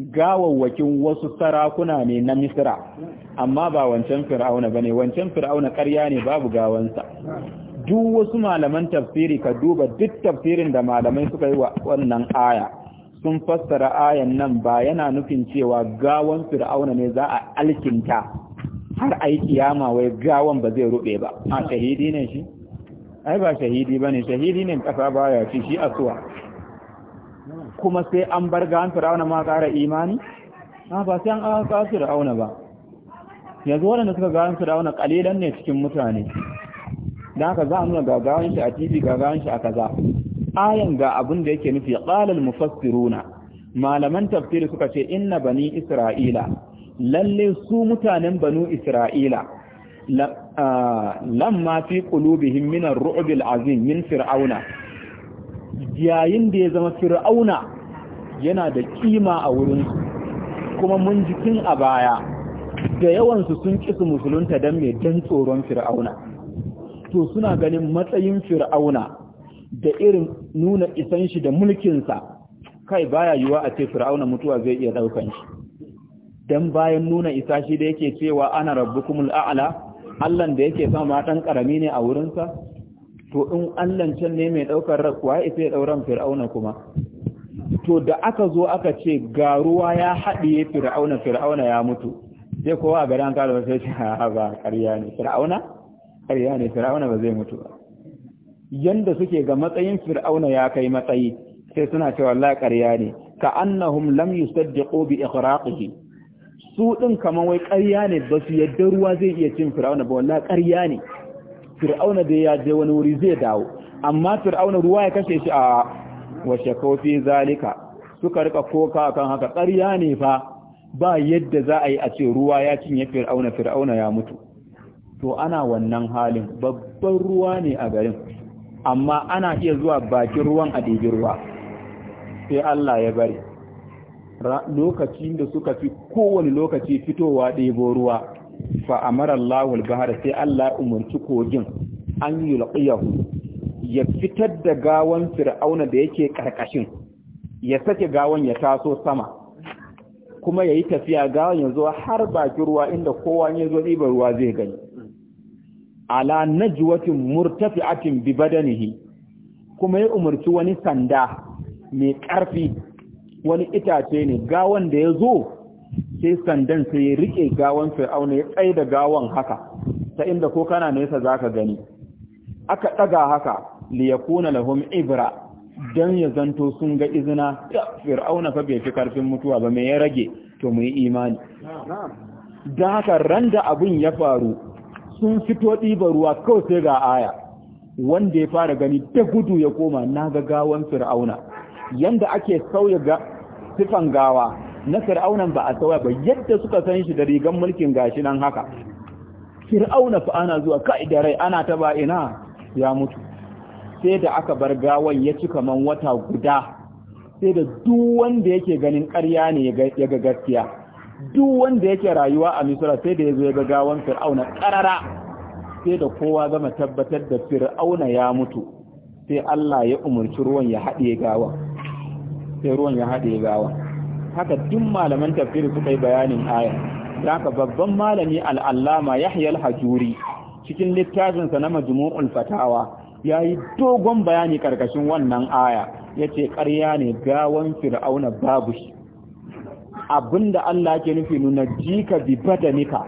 gawawwakin wasu sarakuna ne na Misira. amma ba wancan fir'auna bane wancan fir'auna ƙarya ne babu gawansa duk wasu malaman tafsiri ka duba duk tafsirin da malamai suka yi wa wannan aya sun fassara ayan nan ba yana nufin cewa gawan fir'auna ne za a alkinta har a yi kiyama wai gawon ba zai rube ba a shahidi ne shi ai ba shahidi ba ne shahidi ne ƙasa ba ya fi shi a suwa kuma sai an bar gawan fir'auna ma ƙara imani a ba sai an ƙasa fir'auna ba yanzu waɗanda suka gawan fir'auna ƙalilan ne cikin mutane da haka za a nuna gagawan shi a tv gagawan shi a kaza ayan ga abin da yake nufi qalal mufassiruna malaman tafsiri suka ce inna bani isra'ila lalle su mutanen banu isra'ila lamma fi qulubihim min ar-ru'b al min fir'auna yayin da ya zama fir'auna yana da kima a wurin kuma mun jikin a baya da yawansu sun kisu musulunta dan mai dan tsoron fir'auna to suna ganin matsayin fir'auna da irin nuna isan shi da mulkinsa. kai baya yiwa a ce fir'auna mutuwa zai iya ɗaukan shi dan bayan nuna isa shi da yake cewa ana rabbukumul a'la Allah da yake sama ma dan karami ne a wurinsa to in Allah can ne mai daukar rakwa isa dauran fir'auna kuma to da aka zo aka ce ga ruwa ya hadiye fir'auna fir'auna ya mutu sai kowa ga dan kalma sai ce ha ba ƙarya ne fir'auna ƙarya ne fir'auna ba zai mutu ba yanda suke ga matsayin fir'auna ya kai matsayi sai suna cewa wallahi ƙarya ne ka annahum lam yusaddiqu bi iqraqihi su ɗin kamar wai ƙarya ne ba su yadda ruwa zai iya cin fir'auna ba wallah ƙarya ne fir'auna da ya je wani wuri zai dawo amma fir'auna ruwa ya kashe shi a washe kofi zalika suka rika koka akan haka ƙarya ne fa ba yadda za a yi a ce ruwa ya cinye fir'auna fir'auna ya mutu to ana wannan halin babban ruwa ne a garin amma ana iya zuwa bakin ruwan a ɗibi ruwa sai Allah ya bari lokacin da suka fi kowane lokaci fitowa ɗebo ruwa fa amara Allahul bahar sai Allah umarci kogin an yi yulqiyahu ya fitar da gawan fir'auna da yake ƙarƙashin, ya sake gawan ya taso sama kuma ya yi tafiya gawan ya zo har baki ruwa inda kowa ya zo ɗiba ruwa zai gani ala najwatin murtafi'atin bi badanihi kuma ya umarci wani sanda mai ƙarfi wani itace ne gawan da ya zo sai sandan sai ya rike gawan fir'auna ya tsaye da gawan haka ta inda ko kana nesa zaka gani aka ɗaga haka li yakuna lahum ibra dan ya zanto sun ga izina fir'auna fa bai fi karfin mutuwa ba me ya rage to mu yi imani da haka da abin ya faru sun fito ɗiba ruwa kawai sai ga aya wanda ya fara gani da gudu ya koma na ga gawan fir'auna yanda ake sauya sifan gawa na fir'aunan ba a sauya ba yadda suka san shi da rigan mulkin gashi nan haka fir'auna fa ana zuwa kai da rai ana ta ina ya mutu sai da aka bar gawan ya cika man wata guda sai da duk wanda yake ganin ƙarya ne ya ga gaskiya duk wanda yake rayuwa a Misira, sai da ya zo ya ga gawan fir'auna ƙarara sai da kowa zama tabbatar da fir'auna ya mutu sai Allah ya umarci ruwan ya haɗe gawan sai ruwan ya haɗe gawa haka duk malaman tafsiri suka yi bayanin aya haka babban malami al'allama yahya al-hajuri cikin littafinsa na majmu'ul fatawa ya yi dogon bayani karkashin wannan aya ya ce ƙarya ne gawan fir'auna babu shi abinda Allah ke nufi nuna jika bi badanika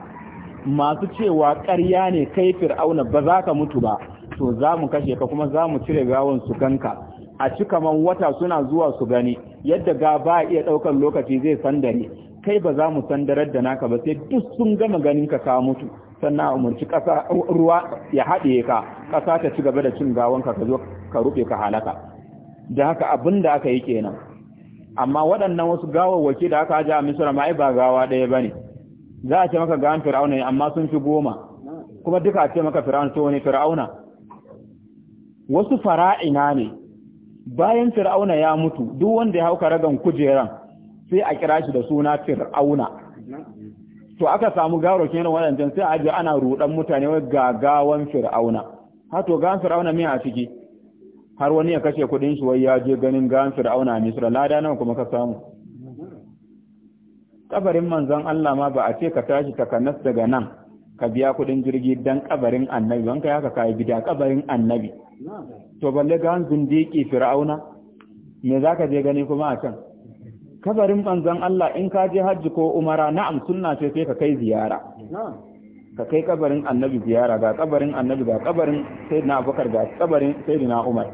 masu cewa karya ne kai fir'auna ba za ka mutu ba to za mu kashe ka kuma za mu cire gawan su ganka a ci kaman wata suna zuwa su gani yadda ga ba iya ɗaukar lokaci zai sandare kai ba za mu sandarar da naka ba sai duk sun gama ganin ka ka mutu sannan a umarci ƙasa ruwa ya haɗe ka ƙasa ta ci gaba da cin gawon ka zo ka rufe ka halaka da haka abin da aka yi kenan amma waɗannan wasu gawawwaki da aka ji a misira ma ba gawa ɗaya ba ne za a ce maka gawan fir'auna ne amma sun fi goma kuma duka a ce maka fir'auna to wani fir'auna wasu fara'ina ne bayan fir'auna ya mutu duk wanda ya hauka ragan kujeran sai a kira shi da suna fir'auna to aka samu garo kenan wadancan sai a ji ana rudan mutane wai gagawan fir'auna ha to gan fir'auna me a ciki har wani ya kashe kudin shi wai ya je ganin gan fir'auna a misra lada nawa kuma ka samu kabarin manzon Allah ma ba a ce ka tashi takanas daga nan ka biya kuɗin jirgi dan kabarin annabi wanka ya ka kayi gida kabarin annabi to balle ga an zindiki fir'auna me za ka je gani kuma a can kabarin manzon Allah in ka je hajji ko umara na'am sunna ce sai ka kai ziyara ka kai kabarin annabi ziyara ga kabarin annabi ga kabarin sayyidina abubakar ga kabarin sayyidina umar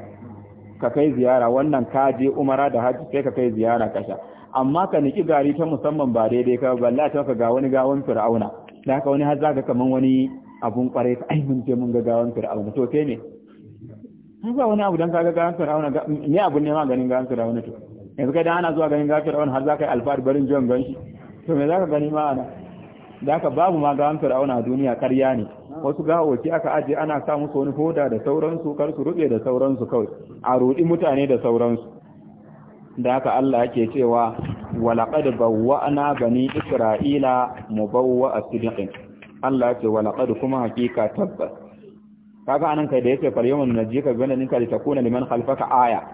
ka kai ziyara wannan ka je umara da hajji sai ka kai ziyara kasha amma ka niki gari ta musamman ba daidai ka balla ta ka ga wani gawon fir'auna da haka wani har zaga kaman wani abun kwarai ka ai mun je mun ga gawan fir'auna to kai ne ba wani abu dan ka ga gawan fir'auna ne abun ne ma ganin gawan fir'auna to yanzu kai dan ana zuwa ganin gawan fir'auna har zaka yi alfahari barin jon ganshi to me zaka gani ma ana da haka babu ma gawan fir'auna a duniya karya ne wasu gawoki aka aje ana sa musu wani hoda da sauransu kar su rube da sauransu kawai a rudi mutane da sauransu da haka Allah yake cewa walaqad bawwa'na bani isra'ila mubawwa'a sidqin Allah ce walaqad kuma hakika tabbas kaga anan kai da yake falyawun najika bana ninka li takuna liman khalfaka aya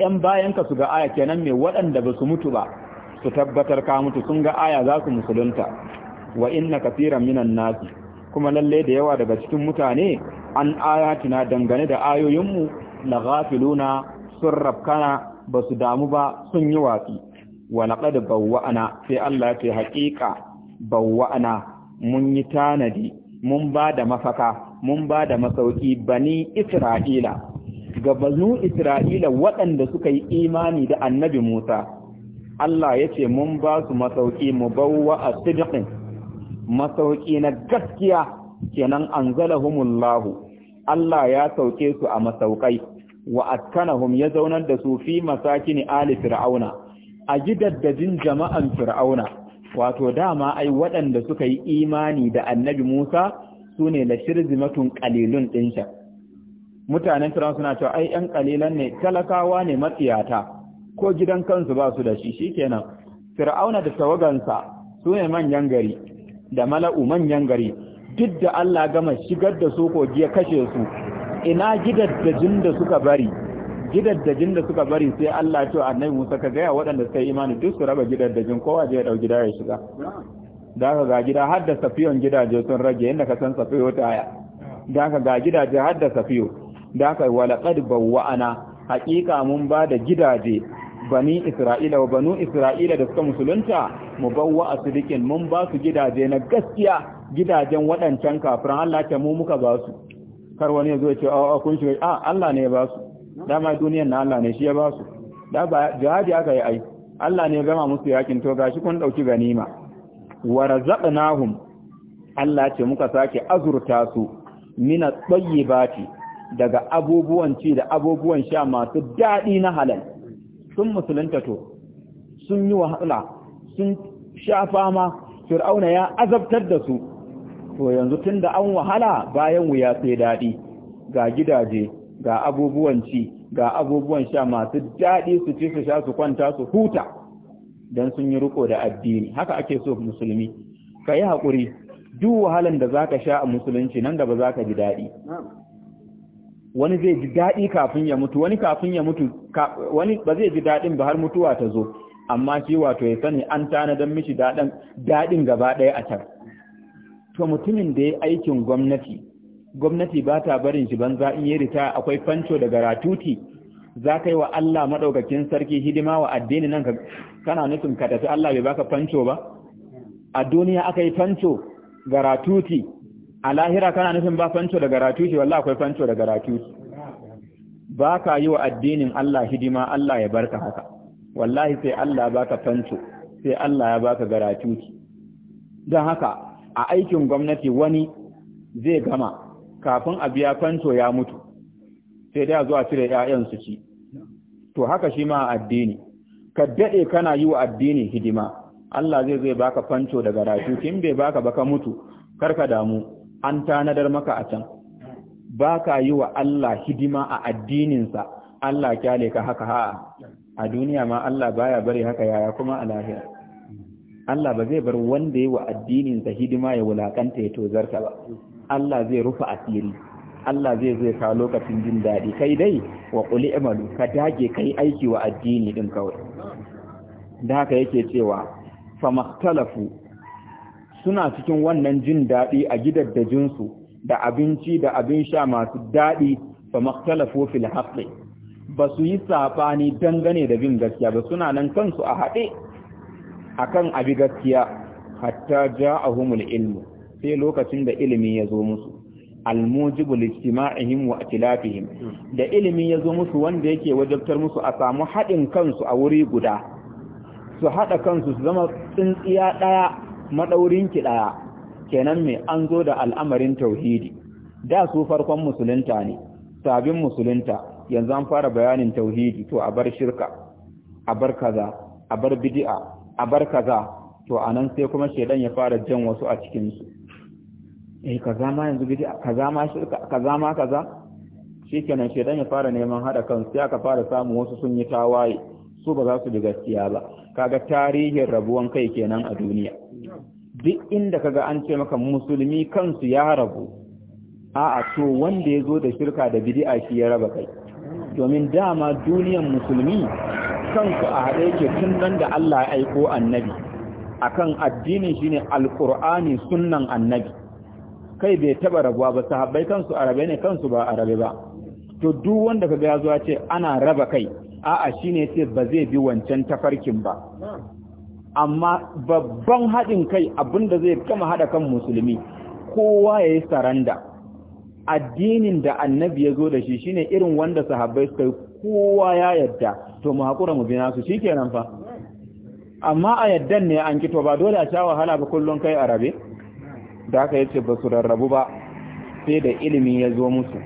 yan bayan ka su ga aya kenan me waɗanda ba su mutu ba su tabbatar ka mutu sun ga aya za su musulunta wa inna kaseeran minan nasi kuma lalle da yawa daga cikin mutane an ayatina dangane da ayoyinmu na ghafiluna sun rabkana ba su damu ba sun yi watsi wa laqad bawwa'ana sai Allah ya ce haƙiƙa bawwa'ana mun yi tanadi mun ba da mafaka mun ba da masauki bani Isra'ila ga bazu Isra'ila waɗanda suka yi imani da annabi Musa Allah ya ce mun ba su masauki mu bawwa a masauki na gaskiya kenan anzalahumullahu Allah ya sauke su a masaukai wa askanahum ya zaunar da su fi masakin ali fir'auna a gidaddajin jama'an fir'auna wato dama ai waɗanda suka yi imani da annabi Musa sune la shirzimatun qalilun din sha mutanen fir'auna suna cewa ai ɗan qalilan ne talakawa ne matsiyata ko gidan kansu ba su da shi shikenan fir'auna da tawagansa sune manyan gari da mala'u manyan gari duk da Allah gama shigar da su ko ya kashe su ina gidaddajin da suka bari gidaddajin da suka bari sai Allah to annabi Musa ka gaya waɗanda suka yi imani duk su raba gidaddajin kowa je ya dau gida ya shiga da ka ga gida har da safiyon gidaje sun rage inda ka san safiyo ta aya da ka ga gidaje har da safiyo da ka walaqad bawwa'ana haƙiƙa mun ba da gidaje bani Isra'ila wa banu Isra'ila da suka musulunta mu bawwa asidikin mun ba su gidaje na gaskiya gidajen waɗancan kafiran Allah ta mu muka ba su kar wani ya zo ya ce a kun shiga a ah, Allah ne ya ba su dama duniyar na Allah ne shi ya ba su da ba jihadi aka yi ai Allah ne ya gama musu yakin to gashi kun dauki ganima wa razaqnahum Allah ce muka sake azurta su min at-tayyibati daga abubuwan ci da abubuwan sha masu dadi na halal sun musulunta to sun yi wahala sun sha fama fir'auna ya azabtar da su to yanzu tun da an wahala bayan wuya sai daɗi ga gidaje ga abubuwan ci ga abubuwan sha masu daɗi su ci su sha su kwanta su huta don sun yi riko da addini haka ake so musulmi ka yi haƙuri duk wahalan da zaka sha a musulunci nan gaba zaka ji daɗi wani zai ji daɗi kafin ya mutu wani kafin ya mutu wani ba zai ji daɗin ba har mutuwa ta zo amma shi wato ya sani an tana don mishi daɗin gaba ɗaya a can to mutumin da ya aikin gwamnati gwamnati ba ta barin shi banza in yi rita akwai fanco daga ratuti za ka yi wa Allah maɗaukakin sarki hidima wa addini nan kana nufin ka tafi Allah bai baka fanco ba a duniya aka yi fanco ga ratuti a lahira kana nufin ba fanco daga ratuti wallah akwai fanco daga ratuti ba ka yi wa addinin Allah hidima Allah ya barka haka wallahi sai Allah baka fanco sai Allah ya baka ratuti don haka a aikin gwamnati wani zai gama kafin a biya fanto ya mutu sai dai a zuwa cire ƴaƴan su ci to haka shi ma addini ka dade kana yi wa addini hidima Allah zai zai baka fanto daga rafi kin bai baka ba ka mutu kar ka damu an tanadar maka a can baka yi wa Allah hidima a addinin sa Allah kyale ka haka ha'a a duniya ma Allah baya bari haka yaya kuma a lahira Allah ba zai bar wanda yi wa addinin sa hidima ya wulakanta ya tozarta ba Allah zai rufe asiri Allah zai zai kawo lokacin jin daɗi kai dai wa ƙuli i'malu ka dage kai aiki wa addini din kawai da haka yake cewa famahtalafu suna cikin wannan jin daɗi a gidaddajinsu da abinci da abin sha masu daɗi famahtalafu fil haqqi ba su yi saɓani dangane da bin gaskiya ba suna nan kansu a haɗe a kan abi gaskiya hatta a ilmu sai lokacin da ilimi ya zo musu almujibu lijtima'ihim wa atilafihim da ilimi ya zo musu wanda yake wajabtar musu a samu haɗin kansu a wuri guda su haɗa kansu su zama tsintsiya ɗaya maɗaurinki ɗaya kenan mai an zo da al'amarin tauhidi da su farkon musulunta ne sabin musulunta yanzu an fara bayanin tauhidi to a bar shirka a bar kaza a bar bid'a a bar kaza to anan sai kuma shedan ya fara jan wasu a cikin su eh kaza ma yanzu gidi kaza ma kaza ma kaza kenan shedan ya fara neman hada kan sai aka fara samu wasu sun yi tawaye su ba za su bi gaskiya ba kaga tarihin rabuwan kai kenan a duniya duk inda kaga an ce maka musulmi kansu ya rabu a'a to wanda ya zo da shirka da bid'a shi ya raba kai domin dama duniyan musulmi kansu a haɗe yake tun nan da Allah ya aiko annabi akan addini shine alqur'ani sunnan annabi kai bai taba rabuwa ba sahabbai kansu arabe ne kansu ba arabe ba to duk wanda kaga ya zuwa ce ana raba kai a'a shine ce ba zai bi wancan tafarkin ba amma babban haɗin kai abinda zai kama haɗa kan musulmi kowa ya yi saranda addinin da annabi ya zo da shi shine irin wanda sahabbai suka kowa ya yadda to mu haƙura mu bina su shi kenan fa amma a yaddan ne an kito ba dole a sha wahala ba kullun kai a rabe da aka yace ba su rarrabu ba sai da ilimi ya zo musu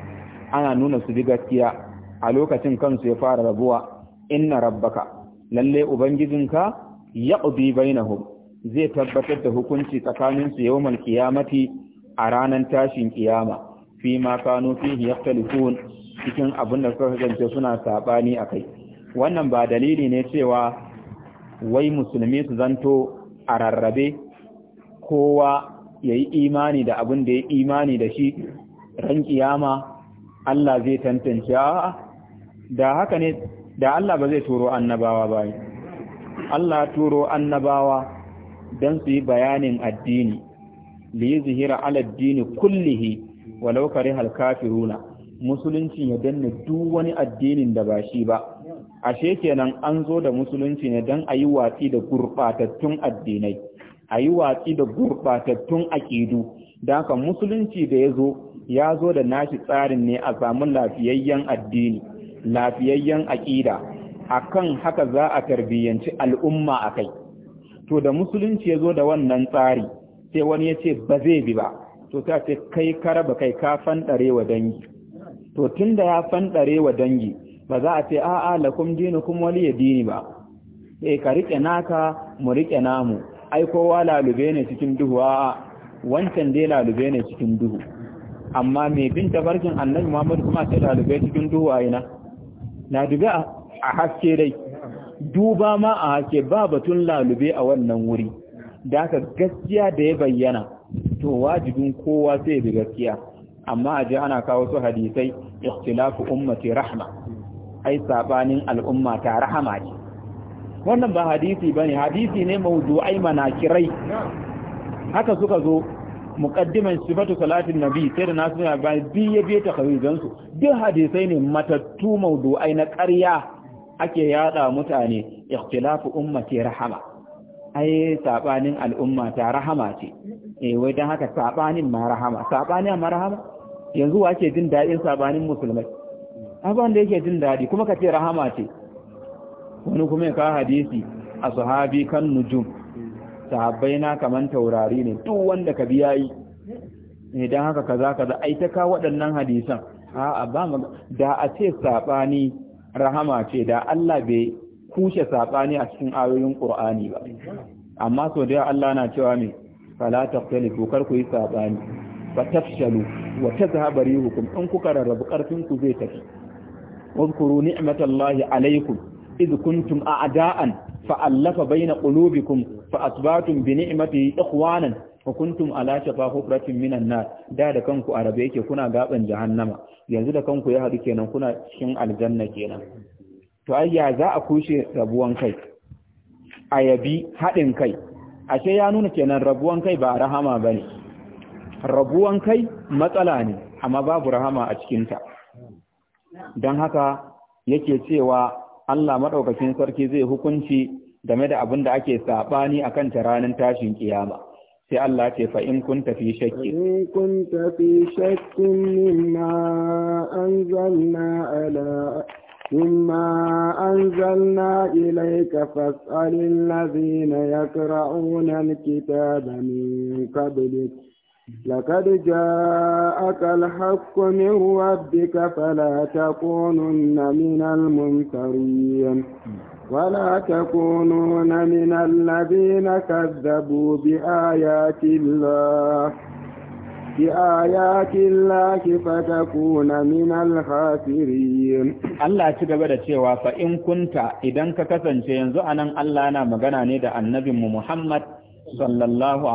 ana nuna su bi gaskiya a lokacin kansu ya fara rabuwa inna rabbaka lalle ubangijinka yaqdi bainahum zai tabbatar da hukunci tsakanin su yawmal qiyamati a ranar tashin kiyama fi ma kanu fihi yaftalifun cikin abin da suka kasance suna saɓani a kai wannan ba dalili ne cewa wai musulmi su zanto a rarrabe kowa ya yi imani da abin da ya imani da shi ran kiyama Allah zai tantance da haka ne da Allah ba zai turo annabawa ba Allah turo annabawa don su yi bayanin addini li zihira, ala addini kullihi walaukari halkafi runa. musulunci ya danna duk wani addinin da ba shi ba ashe kenan an zo da musulunci ne don a yi watsi da gurɓatattun addinai a yi watsi da gurɓatattun aƙidu da haka musulunci da ya zo ya zo da nashi tsarin ne a samu lafiyayyen addini lafiyayyen aƙida akan haka za a tarbiyyanci al'umma a kai to da musulunci ya zo da wannan tsari sai wani ya ce ba zai bi ba to ta ce kai ka raba kai ka fanɗarewa dangi to tun da ya fanɗare wa dangi ba za a ce a'a lakum dinukum ya dini ba eh ka rike naka mu rike namu ai kowa lalube ne cikin duhu a wancan dai lalube ne cikin duhu amma mai bin tafarkin annabi Muhammad kuma sai lalube cikin duhu a ina lalube a haske dai duba ma a haske ba batun lalube a wannan wuri da aka gaskiya da ya bayyana to wajibin kowa sai bi gaskiya amma a ji ana kawo su hadisai ikhtilafu ummati rahma ai sabanin al'umma ta rahama ce wannan ba hadisi bane hadisi ne mawdu'ai manakirai haka suka zo muqaddiman sifatu salatin nabi sai da nasu ya ba biye biye ta kawizan su duk hadisai ne matattu mawdu'ai na ƙarya ake yada mutane ikhtilafu ummati rahama ai sabanin al'umma ta rahama ce eh wai dan haka sabanin ma rahama sabanin ma rahama yanzu wake ke jin daɗin sabanin musulmai abin da yake jin daɗi kuma ka ce rahama ce wani kuma ka hadisi a sahabi kan nujum sahabbai na kaman taurari ne duk wanda ka biya yi idan eh, haka kaza kaza ai ta ka waɗannan hadisan a'a ba da a ce sabani rahama ce da Allah bai kushe sabani a cikin ayoyin ƙur'ani ba amma so da Allah na cewa ne fala kar ku yi sabani fatafshalu wa tazhaba rihukum in kuka rarrabu karfin ku zai tafi wadhkuru ni'matallahi alaykum id kuntum a'da'an fa fa'allafa baina qulubikum fa asbatum bi ni'matihi ikhwanan wa kuntum ala shafa minan nar da da kanku a yake kuna gaban jahannama yanzu da kanku ya hadu kenan kuna cikin aljanna kenan to ayya za a kushe rabuwan kai a yabi haɗin kai ashe ya nuna kenan rabuwan kai ba rahama bane rabuwan kai matsala ne amma babu rahama a cikinta don haka yake cewa Allah maɗaukakin sarki zai hukunci game da abin da ake saɓani a kanta ranar tashin ƙiyama, sai Allah ce fa in kun tafi shakki in kun tafi shakkin mimma anzalna ala مما أنزلنا إليك فاسأل الذين يقرؤون الكتاب min قبلك لقد جاءك الحق من ربك فلا تكونن من الممترين ولا تكونون من الذين كذبوا بآيات الله بآيات الله فتكون من الخاسرين الله تجب da cewa fa'inkunta, idan ka kasance yanzu anan Allah yana magana ne da annabinmu Muhammad sallallahu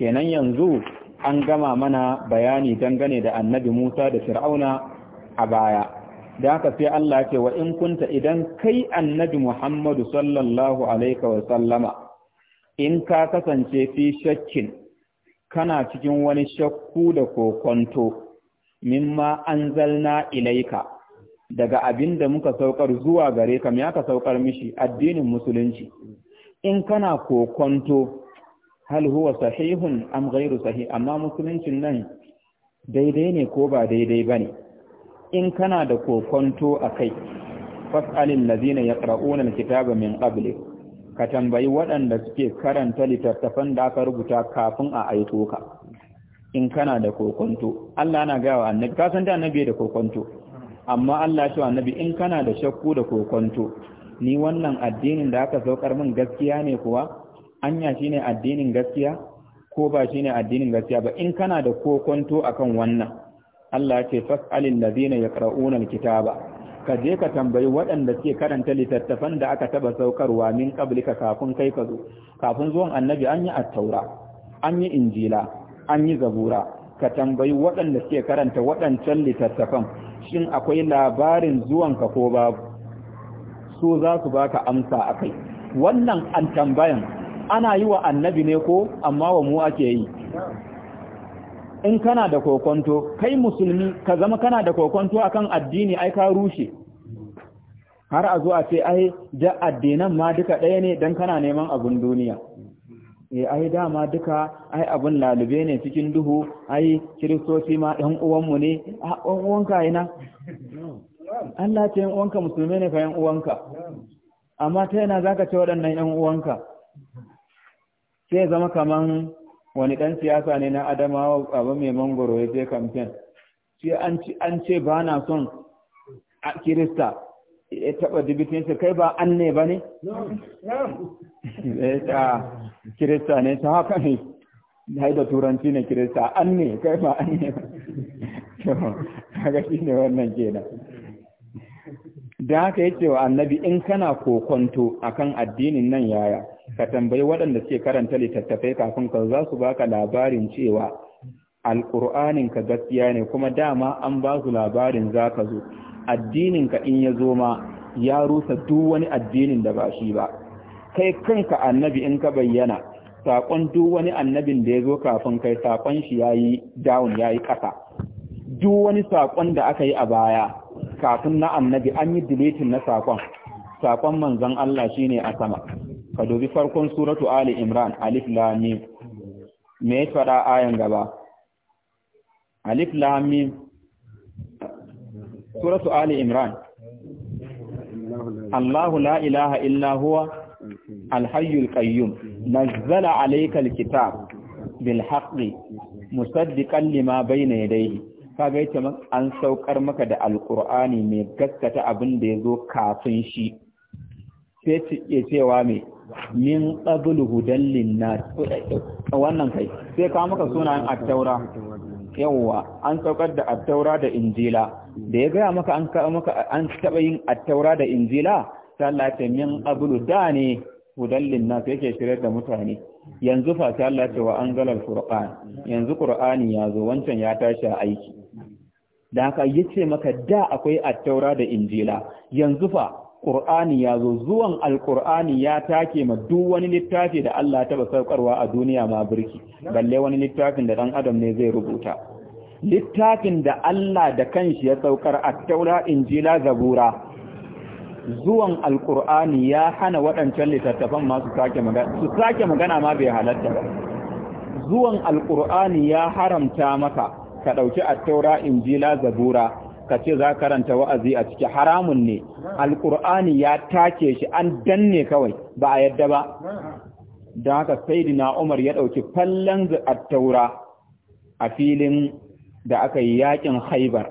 kenan yanzu an gama mana bayani dangane da annabi Musa da Fir'auna a baya da haka sai Allah ce wa in kunta idan kai annabi Muhammadu sallallahu alaihi wa sallama in ka kasance fi shakkin kana cikin wani shakku da kokonto mimma anzalna ilaika daga abin da muka saukar zuwa gare ka me aka saukar mishi addinin musulunci in kana kokonto hal huwa sahihun am ghairu sahih amma musuluncin nan daidai ne ko ba daidai bane in kana da kokonto akai fas'alil ladina yaqra'una alkitaba min qabli ka tambayi waɗanda suke karanta littattafan da aka rubuta kafin a aiko ka in kana da kokonto Allah na ga wa annabi ka san da annabi da kokonto amma Allah ce annabi in kana da shakku da kokonto ni wannan addinin da aka saukar min gaskiya ne kuwa anya shine addinin gaskiya ko ba shine addinin gaskiya ba in kana da kokonto akan wannan Allah ya ce fas'alil ladina yaqra'una alkitaba ka je ka tambayi waɗanda suke karanta littattafan da aka taba saukarwa min qablika kafin kai ka zo kafin zuwan annabi an yi at-taura an yi injila an yi zabura ka tambayi waɗanda suke karanta waɗancan littattafan shin akwai labarin ka ko babu su za su baka amsa akai wannan an tambayan ana yi wa annabi ne ko amma wa mu ake yi in kana da kokonto kai musulmi ka zama kana da kokonto akan addini ai ka rushe har a zo a ce ai da addinan ma duka ɗaya ne don kana neman abun duniya e ai dama duka ai abun lalube ne cikin duhu ai kiristoci ma ɗan uwanmu ne ah, a ɗan uwanka ina Allah ce ‘yan uwanka musulmi ne ka ‘yan uwanka, amma ta yana za ka ce waɗannan ‘yan uwanka, sai zama kaman wani dan siyasa ne na adamawa abu mai mangoro ya je kamfen sai an ce ba na son a kirista ya taɓa dibitinsa kai ba an ne ba ne? ta kirista ne ta haka ne na da turanci ne kirista an ne kai ba an ne ba haka shi ne wannan kenan da haka ya wa annabi in kana kokonto akan addinin nan yaya ka tambayi waɗanda suke karanta littattafai kafin ka za su baka labarin cewa alƙur'anin ka gaskiya ne kuma dama an ba su labarin za ka zo addinin ka in ya zo ma ya rusa duk wani addinin da ba shi ba kai kanka annabi in ka bayyana saƙon duk wani annabin da ya zo kafin kai saƙon shi ya yi down ya yi ƙasa duk wani saƙon da aka yi a baya kafin na annabi an yi dilitin na saƙon saƙon manzon Allah shine a sama ka dubi farkon suratu ali imran alif lam mim me ya fara ayan gaba alif lam mim suratu ali imran Allahu la ilaha illa huwa الحي nazzala alayka alkitab الكتاب بالحق مصدقا لما بين يديه kaga yace an saukar maka da alqur'ani mai gaskata abin da yazo kafin shi sai ce cewa me min qablu hudan linnas wannan kai sai ka maka sunan attaura. taura yawwa an saukar da attaura da injila da ya ga maka an ka maka an taba yin attaura da injila sai Allah ya min ne dane hudan linnas yake shirye da mutane yanzu fa sai wa ya ce wa yanzu qur'ani ya zo wancan ya tashi aiki da yi yace maka da akwai attaura da injila yanzu fa Qur'ani ya zo zuwan alƙur'ani ya take ma duk wani littafi da Allah ta saukarwa a duniya ma birki balle wani littafin da dan adam ne zai rubuta littafin da Allah da kanshi ya saukar a taura injila zabura zuwan alƙur'ani ya hana waɗancan littattafan ma su sake magana su ma bai halatta ba zuwan alƙur'ani ya haramta maka ka ɗauki Attaura taura injila zabura ka ce za karanta wa'azi a ciki haramun ne alkur'ani ya take shi an danne kawai ba a yadda ba don haka dina umar ya ɗauki fallon attaura a filin da aka yi yakin haibar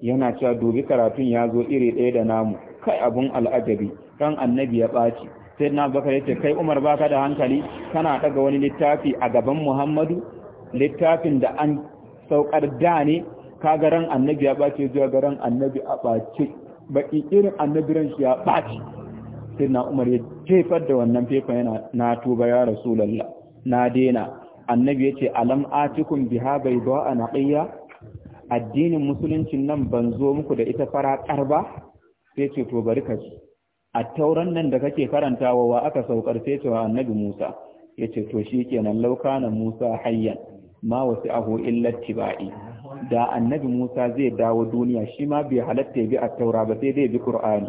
yana cewa dubi karatun ya zo iri ɗaya da namu kai abun al'ajabi kan annabi ya ɓaci sai na baka ya ce kai umar baka da hankali kana ɗaga wani littafi a gaban muhammadu littafin da an saukar da ne ka garan annabi ya ɓace zuwa garan annabi a ɓace baki irin annabi ran shi ya ɓace sai na umar ya jefar da wannan fefa yana na tuba ya rasulullah na dena annabi yace, alam atikun biha bai ba a addinin musuluncin nan ban zo muku da ita fara ba sai ce to bari ka ci a tauran nan da kake karantawa wa aka saukar sai ce wa annabi musa Yace to shi kenan laukana musa hayyan ma wasu aho illa tiba'i da annabi Musa zai dawo duniya shi ma bai halatta bi at-taura ba sai dai bi Qur'ani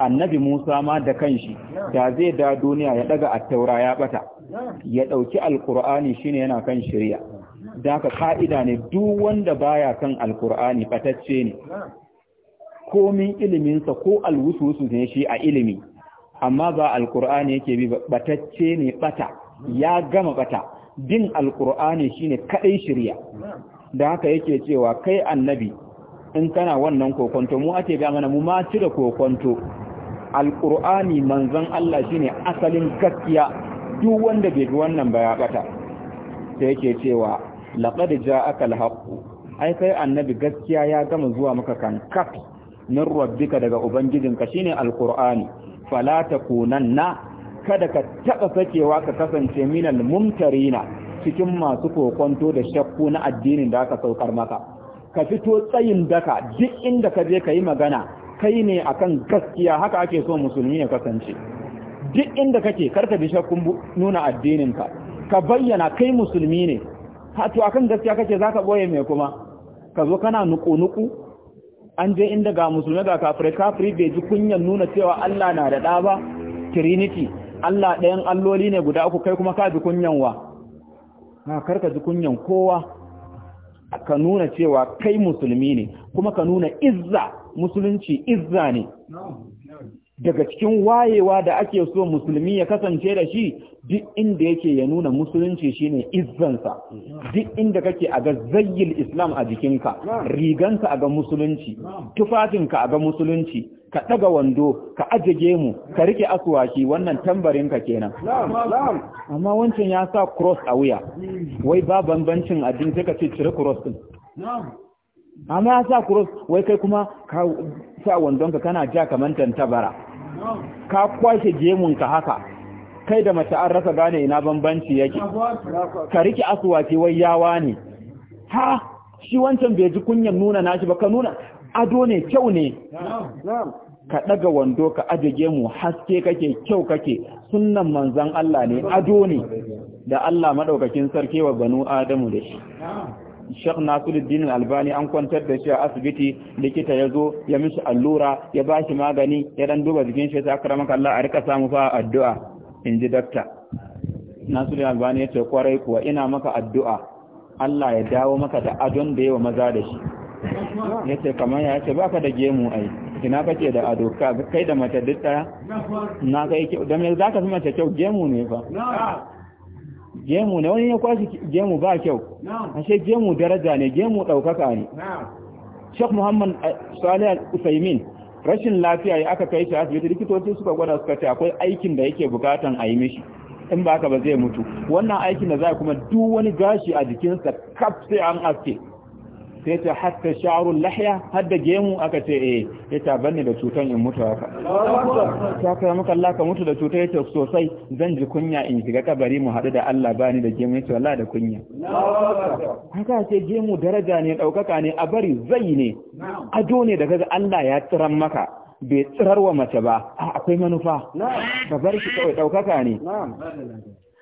annabi Musa ma da kanshi da zai da duniya ya daga at-taura ya bata ya dauki al shine yana kan shari'a da ka ka'ida ne duk wanda baya kan al-Qur'ani ne komin iliminsa ko alwusu ne shi a ilimi amma ba al yake bi batacce ne bata ya gama bata bin alkur'ani shine kadai shirya da haka yake cewa kai annabi in kana wannan kokonto mu ake ga mana mu ma cire kokonto alƙur'ani manzon Allah shine asalin gaskiya duk wanda bai bi wannan ba ya bata sai yake cewa laqad ja'aka alhaqu ai kai annabi gaskiya ya gama zuwa maka kankat min rabbika daga ubangijinka shine alkur'ani fala takunanna kada ka taɓa sakewa ka kasance minal mumtarina cikin masu kokonto da shakku na addinin da aka saukar maka ka fito tsayin daka duk inda ka je ka yi magana kai ne akan gaskiya haka ake so musulmi ya kasance duk inda kake karka bi shakkun nuna addininka ka bayyana kai musulmi ne to akan gaskiya kake zaka boye mai kuma ka zo kana nuku-nuku an je inda ga musulmi ga kafirai kafiri bai ji kunyan nuna cewa Allah na da ɗa ba trinity Allah ɗayan alloli ne guda uku kai kuma ka ji kunyan wa karka ji kunyan kowa ka nuna cewa kai musulmi ne kuma ka nuna izza musulunci izza ne daga cikin wayewa da ake so musulmi ya kasance da shi duk inda yake ya nuna musulunci shine izzansa duk inda kake a ga zayyil islam a jikinka riganka a ga musulunci tufafinka a ga musulunci ka ɗaga wando ka ajiye mu ka rike asuwaki wannan tambarinka kenan amma wancan ya sa cross a wuya wai ba bambancin addini sai ka ce cire cross din amma ya sa cross wai kai kuma ka sa wandonka kana ja kaman tantabara ka kwashe gemunka haka kai da mace an rasa gane ina bambanci yake ka riki asuwace wai yawa ne ha shi wancan bai ji kunyan nuna nashi ba ka nuna ado ne kyau ne ka daga wando ka aje gemu haske kake kyau kake sunnan manzan Allah ne ado ne da Allah madaukakin sarkewa banu Adamu da shi Sheikh Nasiruddin Albani an kwantar da shi a asibiti likita ya zo ya mishi allura ya ba shi magani ya dan duba jikin shi ta karamaka Allah a rika samu fa addu'a in ji dakta Nasiruddin Albani ya ce kwarai kuwa ina maka addu'a Allah ya dawo maka da adon da yawa maza da shi ya ce kamar ya ce baka da gemu ai ina kake da ado ka kai da mace duk daya na kai Da me zaka fi mace kyau gemu ne fa gemu na wani ya kwashe gemu ba kyau ashe gemu daraja ne gemu ɗaukaka ne shek Muhammad eh, Salih Usaimin rashin lafiya ya aka kai shi asibiti likitoci suka gwada suka ce akwai aikin da yake bukatan a yi mishi in ba ka ba zai mutu wannan aikin da za kuma duk wani gashi a jikinsa kaf sai an aske sai ta haka sha'arun lahya hadda gemu aka ce e. Eh, ya ta ne da cutan in mutu haka ta kai maka Allah mutu da cutar yace sosai zan ji kunya in shiga kabari mu hadu da Allah bani da gemu ce wallahi da kunya haka ce gemu daraja ne daukaka ne a bari zai ne ado ne daga Allah ya tsiran maka bai tsirar wa mace ba a akwai manufa ka bar shi kawai daukaka ne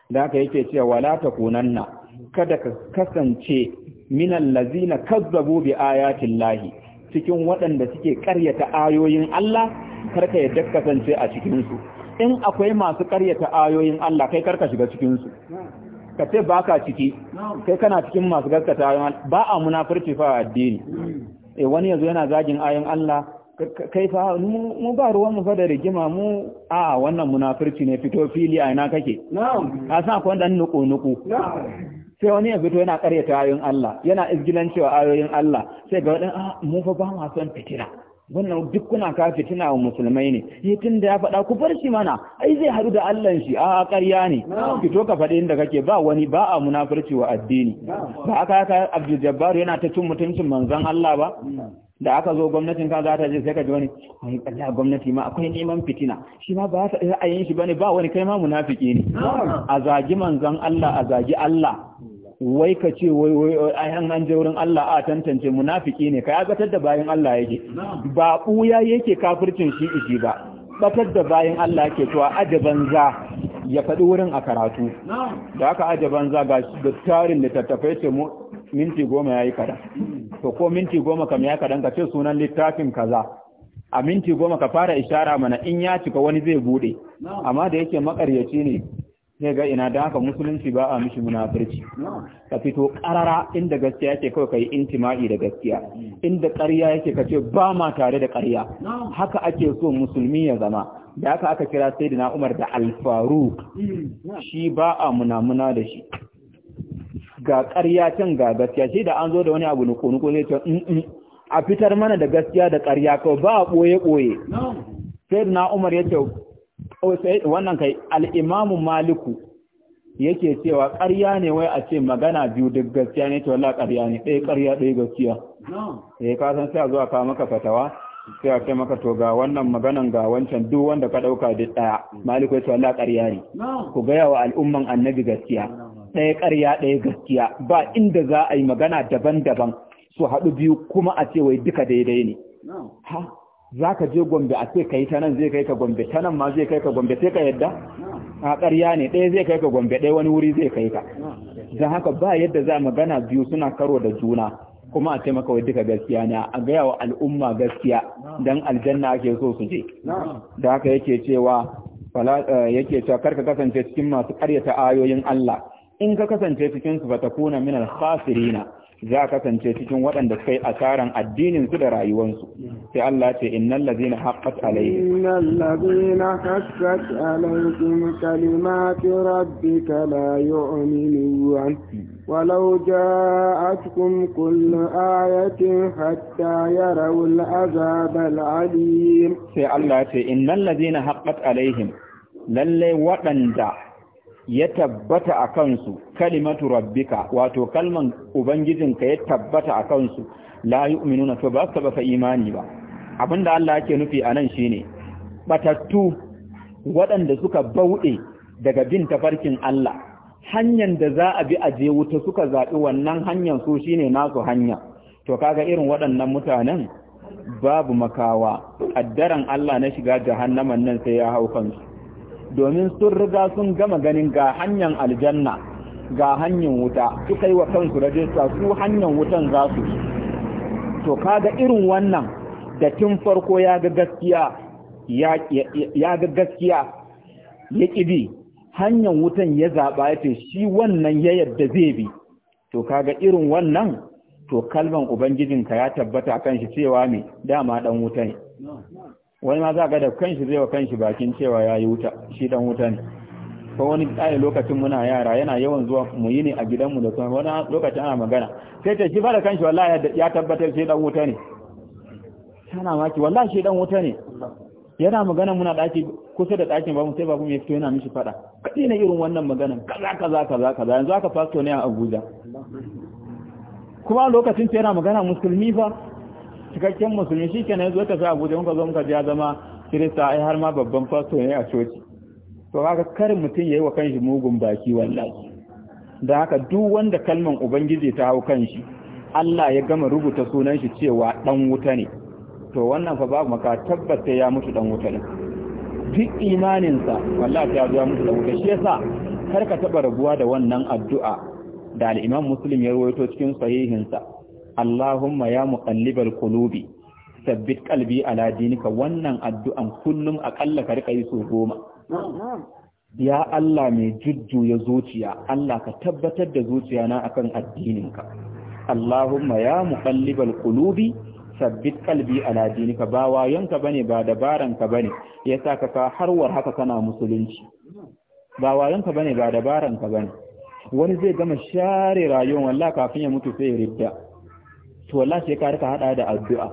da aka yake cewa ta kunanna kada ka kasance minan lazina kazzabu bi ayatin lahi cikin waɗanda suke ƙaryata ayoyin Allah karka ya kasance a cikinsu in akwai masu ƙaryata ayoyin Allah kai karka shiga cikinsu ka ce ba ka ciki kai kana cikin masu gaskata ayoyin ba a munafurci fa addini eh wani yanzu yana zagin ayoyin Allah kai fa mu ba ruwan mu fa da rigima mu a wannan munafurci ne fito fili a ina kake na'am a san akwai dan nuku nuku sai wani ya fito yana karyata ayoyin Allah yana izgilancewa ayoyin Allah sai ga wadan ah mu fa ba mu son fitina wannan duk kuna ka fitina wa musulmai ne yi eh, tunda ya faɗa ku bar shi mana ai zai haɗu da Allahn shi a ƙarya ne fito ka faɗi inda kake ba wani ba a munafurci wa addini ba aka haka Abdul Jabbar yana ta cin mutuncin manzon Allah ba da aka zo gwamnatin ka za ta je sai ka ji wani ai a gwamnati ma akwai neman fitina shi ma ba ta ra'ayin shi bane ba wani kai ma munafiki ne a zagi manzon Allah a zagi Allah wai ka ce wai wai ai an an je wurin Allah a tantance munafiki ne ka yagatar da bayan Allah yake ba buya yake kafircin shi iji ba batar da bayan Allah yake to ajaban banza ya faɗi wurin a karatu da aka ajaban za ga tarin littattafai ce mu minti goma ya yi kaɗan to ko minti goma kam ya kaɗan ka ce sunan littafin kaza a minti goma ka fara ishara mana in ya cika wani zai buɗe amma da yake makaryaci ne sai ga ina da haka musulunci ba a mishi munafurci ka fito ƙarara inda gaskiya yake kawai ka yi intima'i da gaskiya inda karya yake ka ce ba ma tare da karya, haka ake so musulmi ya zama da haka aka kira sayyidina Umar da alfaru shi ba a munamuna da shi ga ƙarya can ga gaskiya shi da an zo da wani abu nuku-nuku zai ce mm, mm, a fitar mana da gaskiya da ƙarya ko ba a ɓoye-ɓoye sai na umar ya ce oh, wannan kai al'imamu maliku yake cewa ƙarya ne wai a ce magana biyu duk gaskiya ne to wala ƙarya ne ɗaya ƙarya ɗaya gaskiya eh yi kasan sai a zo a kawo maka fatawa sai a ce maka to ga wannan maganan ga wancan duk wanda ka ɗauka duk ɗaya maliku ya ce wala ƙarya ne ku gaya wa al'umman annabi gaskiya ɗaya ƙarya ɗaya gaskiya ba inda za a yi magana daban-daban su haɗu biyu kuma a ce wai duka daidai ne ha za ka je gombe a ce ka yi ta nan zai kai ka gombe ta nan ma zai kai ka gombe sai ka yadda a ƙarya ne ɗaya zai kai ka gombe ɗaya wani wuri zai kai ka don haka ba yadda za magana biyu suna karo da juna kuma a taimaka wa duka gaskiya ne a gaya wa al'umma gaskiya don aljanna ake so su je da haka yake cewa eh, yake cewa karka kasance cikin masu karyata ayoyin Allah in ka kasance cikin su kuna min al-khasirina za ka kasance cikin waɗanda suka yi asaran addinin su da rayuwansu sai Allah ce innal ladina haqqat alaihim innal ladina haqqat alaihim kalimatu rabbika la yu'minun ولو جاءتكم كل آية حتى يروا العذاب العليم سي الله إن الذين حقت عليهم للي وطن ya tabbata a kansu kalimatu rabbika wato kalman ubangijinka ya tabbata a kansu la yu'minuna to ba su taba imani ba abinda Allah yake nufi anan shine batattu waɗanda suka bauɗe daga bin tafarkin Allah hanyar da za a bi a je wuta suka zaɓi wannan hanyar su shine nasu hanya to kaga irin waɗannan mutanen babu makawa addaran Allah na shiga hannaman nan sai ya hau kansu domin sun riga sun gama ganin ga hanyar aljanna ga hanyar wuta suka yi wa kansu rajista su hanyar wutan za su to kaga irin wannan da tun farko ya ga gaskiya ya ga gaskiya hanyar wutan ya zaɓa ya ce shi wannan ya yadda zai bi to kaga irin wannan to kalban ubangijinka ya tabbata kan shi cewa mai dama ɗan wutan wani ma za ka da kanshi zai wa kanshi bakin cewa ya yi wuta shi dan wuta ne ko wani tsaye lokacin muna yara yana yawan zuwa mu yi ne a gidanmu da kuma wani lokacin ana magana sai ta shi ba kanshi wallahi ya tabbatar shi dan wuta ne tana maki wallahi shi dan wuta ne yana magana muna daki kusa da dakin mu sai babu mai fito yana mishi fada kadi ne irin wannan magana kaza kaza kaza kaza yanzu aka fasto ne a Abuja kuma lokacin sai yana magana musulmi fa cikakken musulmi shi kenan zo sa abuja muka zo muka ya zama kirista ai har ma babban fasto ne a coci to haka karin mutum yayi wa kanshi mugun baki wallahi da haka duk wanda kalman ubangiji ta hau kanshi Allah ya gama rubuta sunan shi cewa dan wuta ne to wannan fa babu maka tabbata ya mutu dan wuta ne duk imaninsa wallahi ya zo ya mutu dan wuta shi yasa kar ka taba rabuwa da wannan addu'a da al-Imam Muslim ya rawaito cikin sahihinsa Allahumma ya muqallibal qulubi sabbit qalbi ala dinika wannan addu'an kullum akalla ka rika yi goma ya Allah mai jujjuya zuciya Allah ka tabbatar da zuciya na akan addininka Allahumma ya muqallibal qulubi sabbit kalbi ala dinika ba wayonka bane ba dabaranka bane yasa ka ka harwar haka kana musulunci ba wayonka bane ba dabaranka bane wani zai gama share rayuwar wallahi kafin ya mutu sai ya ridda to Allah sai ka rika hada da addu'a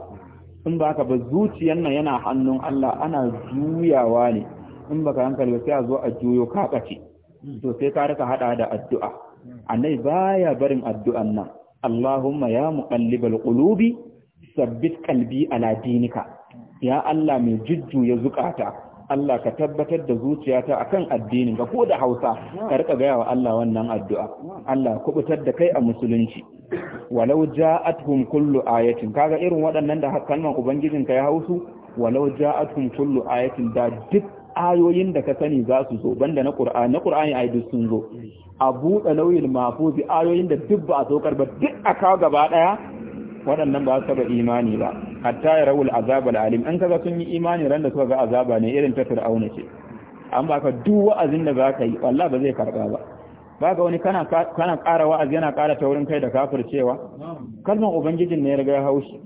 in ba ka ba zuciyar nan yana hannun Allah ana juyawa ne in ba ka hankali ba sai a zo a juyo ka kace to sai ka rika hada da addu'a annai baya barin addu'an nan Allahumma ya muqallibal qulubi sabbit qalbi ala dinika ya Allah mai jujjuya zukata Allah ka tabbatar da zuciyata akan addinin ka ko da Hausa ka rika gaya wa Allah wannan addu'a Allah kubutar da kai a musulunci walau ja'atuhum kullu ayatin kaga irin waɗannan da kalman ubangijinka ya hausu walau ja'atuhum kullu ayatin da duk ayoyin da ka sani za su zo banda na qur'ani na qur'ani ayi duk sun zo a buɗe lauyin mafuzi ayoyin da duk ba a saukar ba duk a gaba ɗaya waɗannan ba su ba imani ba hatta ya rawul azab alim an kaga sun yi imani ran da suka ga azaba ne irin ta fir'auna ce an baka duk wa'azin da zaka yi wallahi ba zai karba ba ba wani kana ƙara wa'az yana ƙara taurin kai da cewa? kalmar ubangijin ne ya riga haushi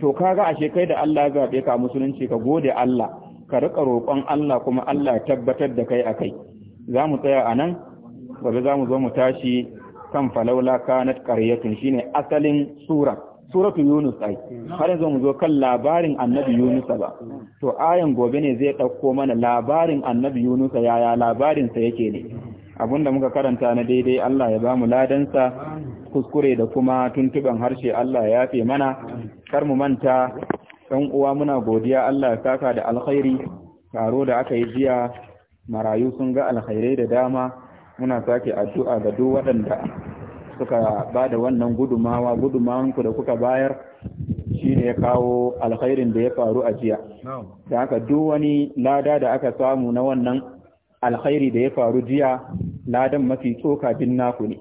to kaga ashe kai da Allah zaɓe ka musulunci ka gode Allah ka rika roƙon Allah kuma Allah ya tabbatar da kai akai za mu tsaya a nan gobe za mu zo mu tashi kan falawla kanat qaryatun shine asalin sura suratu yunus ai har yanzu mu zo kan labarin annabi yunus ba to ayan gobe ne zai dauko mana labarin annabi yunus yaya labarin sa yake ne da muka karanta na daidai Allah ya bamu ladansa kuskure da kuma tuntuban harshe Allah ya yafe mana kar mu manta ɗan uwa muna godiya Allah ya saka da alkhairi taro da aka yi jiya marayu sun ga alkhairai da dama muna sake addu'a ga duk waɗanda suka ba da wannan gudumawa gudumawanku da kuka bayar shi ne ya kawo alkhairin da ya faru a jiya da aka duk wani lada da aka samu na wannan alkhairi da ya faru jiya ladan mafi tsoka bin naku ne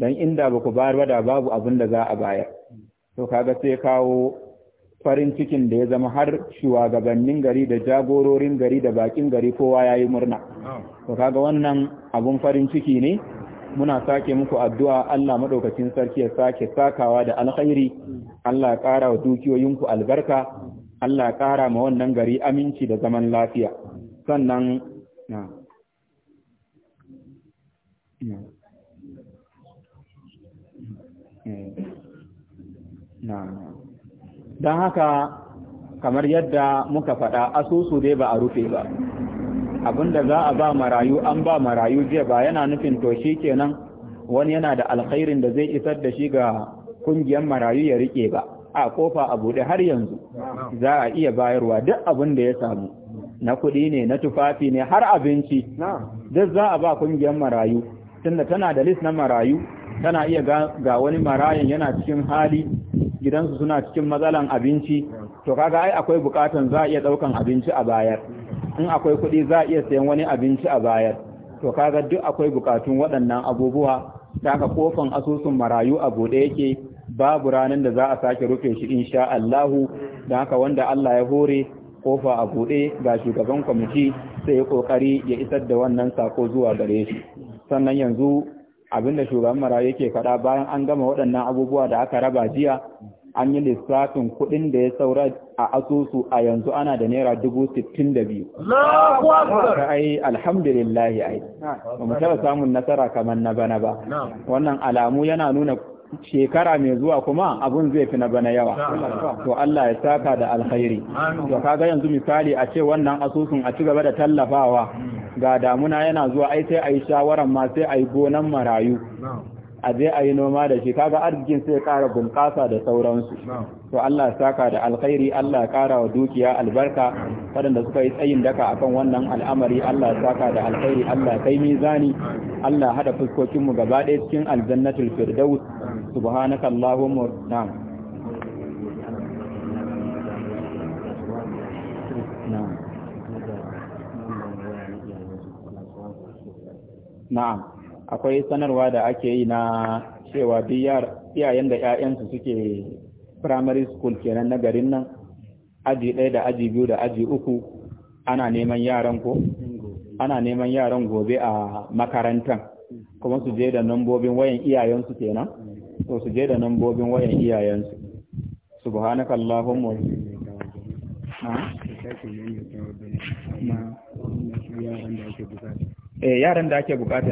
dan inda ba ku bayar da babu abin da za a bayar to kaga sai kawo farin cikin da ya zama har shugabannin gari da jagororin gari da bakin gari kowa ya yi murna. To kaga wannan abun farin ciki ne, muna sake muku addu'a Allah maɗaukacin sarki ya sake sakawa da alkhairi, Allah ya ƙara wa dukiyoyinku albarka, Allah ya kara ma wannan gari aminci da zaman lafiya. Sannan, don haka kamar yadda muka faɗa asusu dai ba a rufe ba abinda za a ba marayu an ba marayu jiya ba yana nufin to shi kenan wani yana da alkhairin da zai isar da shi ga kungiyar marayu ya rike ba a kofa a buɗe har yanzu za a iya bayarwa duk abin da ya samu na kuɗi ne na tufafi ne har abinci duk za a ba kungiyar marayu tunda tana da list na marayu tana iya ga wani marayan yana cikin hali gidansu suna cikin matsalan abinci to kaga ai akwai bukatan za a iya daukan abinci a bayar in akwai kuɗi za a iya sayan wani abinci a bayar to kaga duk akwai bukatun waɗannan abubuwa ka kofan asusun marayu a buɗe yake babu ranar da za a sake rufe shi insha Allahu da haka wanda Allah ya hore kofa a buɗe ga shugaban kwamiti sai ya kokari ya isar da wannan sako zuwa gare shi sannan yanzu abinda shugaban marayu yake faɗa bayan an gama waɗannan abubuwa da aka raba jiya an yi lissafin kuɗin da ya saura a asusu a yanzu ana da naira dubu sittin da biyu. Ka ai alhamdulillahi ai, ba mu taɓa samun nasara kamar na bana ba. Wannan alamu yana nuna shekara mai zuwa kuma abun zai fi na bana yawa to Allah ya saka da alkhairi to kaga yanzu misali a ce wannan asusun a ci gaba da tallafawa hmm. ga damuna yana zuwa ai sai ayi shawaran ma sai ayi gonan marayu a je ayi noma da shi kaga arzikin sai ya kara bunƙasa da sauransu to Allah saka da alkhairi Allah kara wa dukiya albarka waɗanda suka yi tsayin daka akan wannan al'amari Allah saka da alkhairi Allah kai mizani Allah hada fuskokin mu gaba ɗaya cikin aljannatul firdaus subhanaka allahumma na'am na'am akwai sanarwa da ake yi na cewa biyar iyayen da 'ya'yansu suke primary school kenan na garin nan aji ɗaya da aji biyu da aji uku ana neman yaran ko ana neman yaran gobe a makarantan kuma su je da nambobin wayan iyayensu kenan to su je da nambobin wayan iyayensu subhanaka allahumma eh, yaran da ake bukata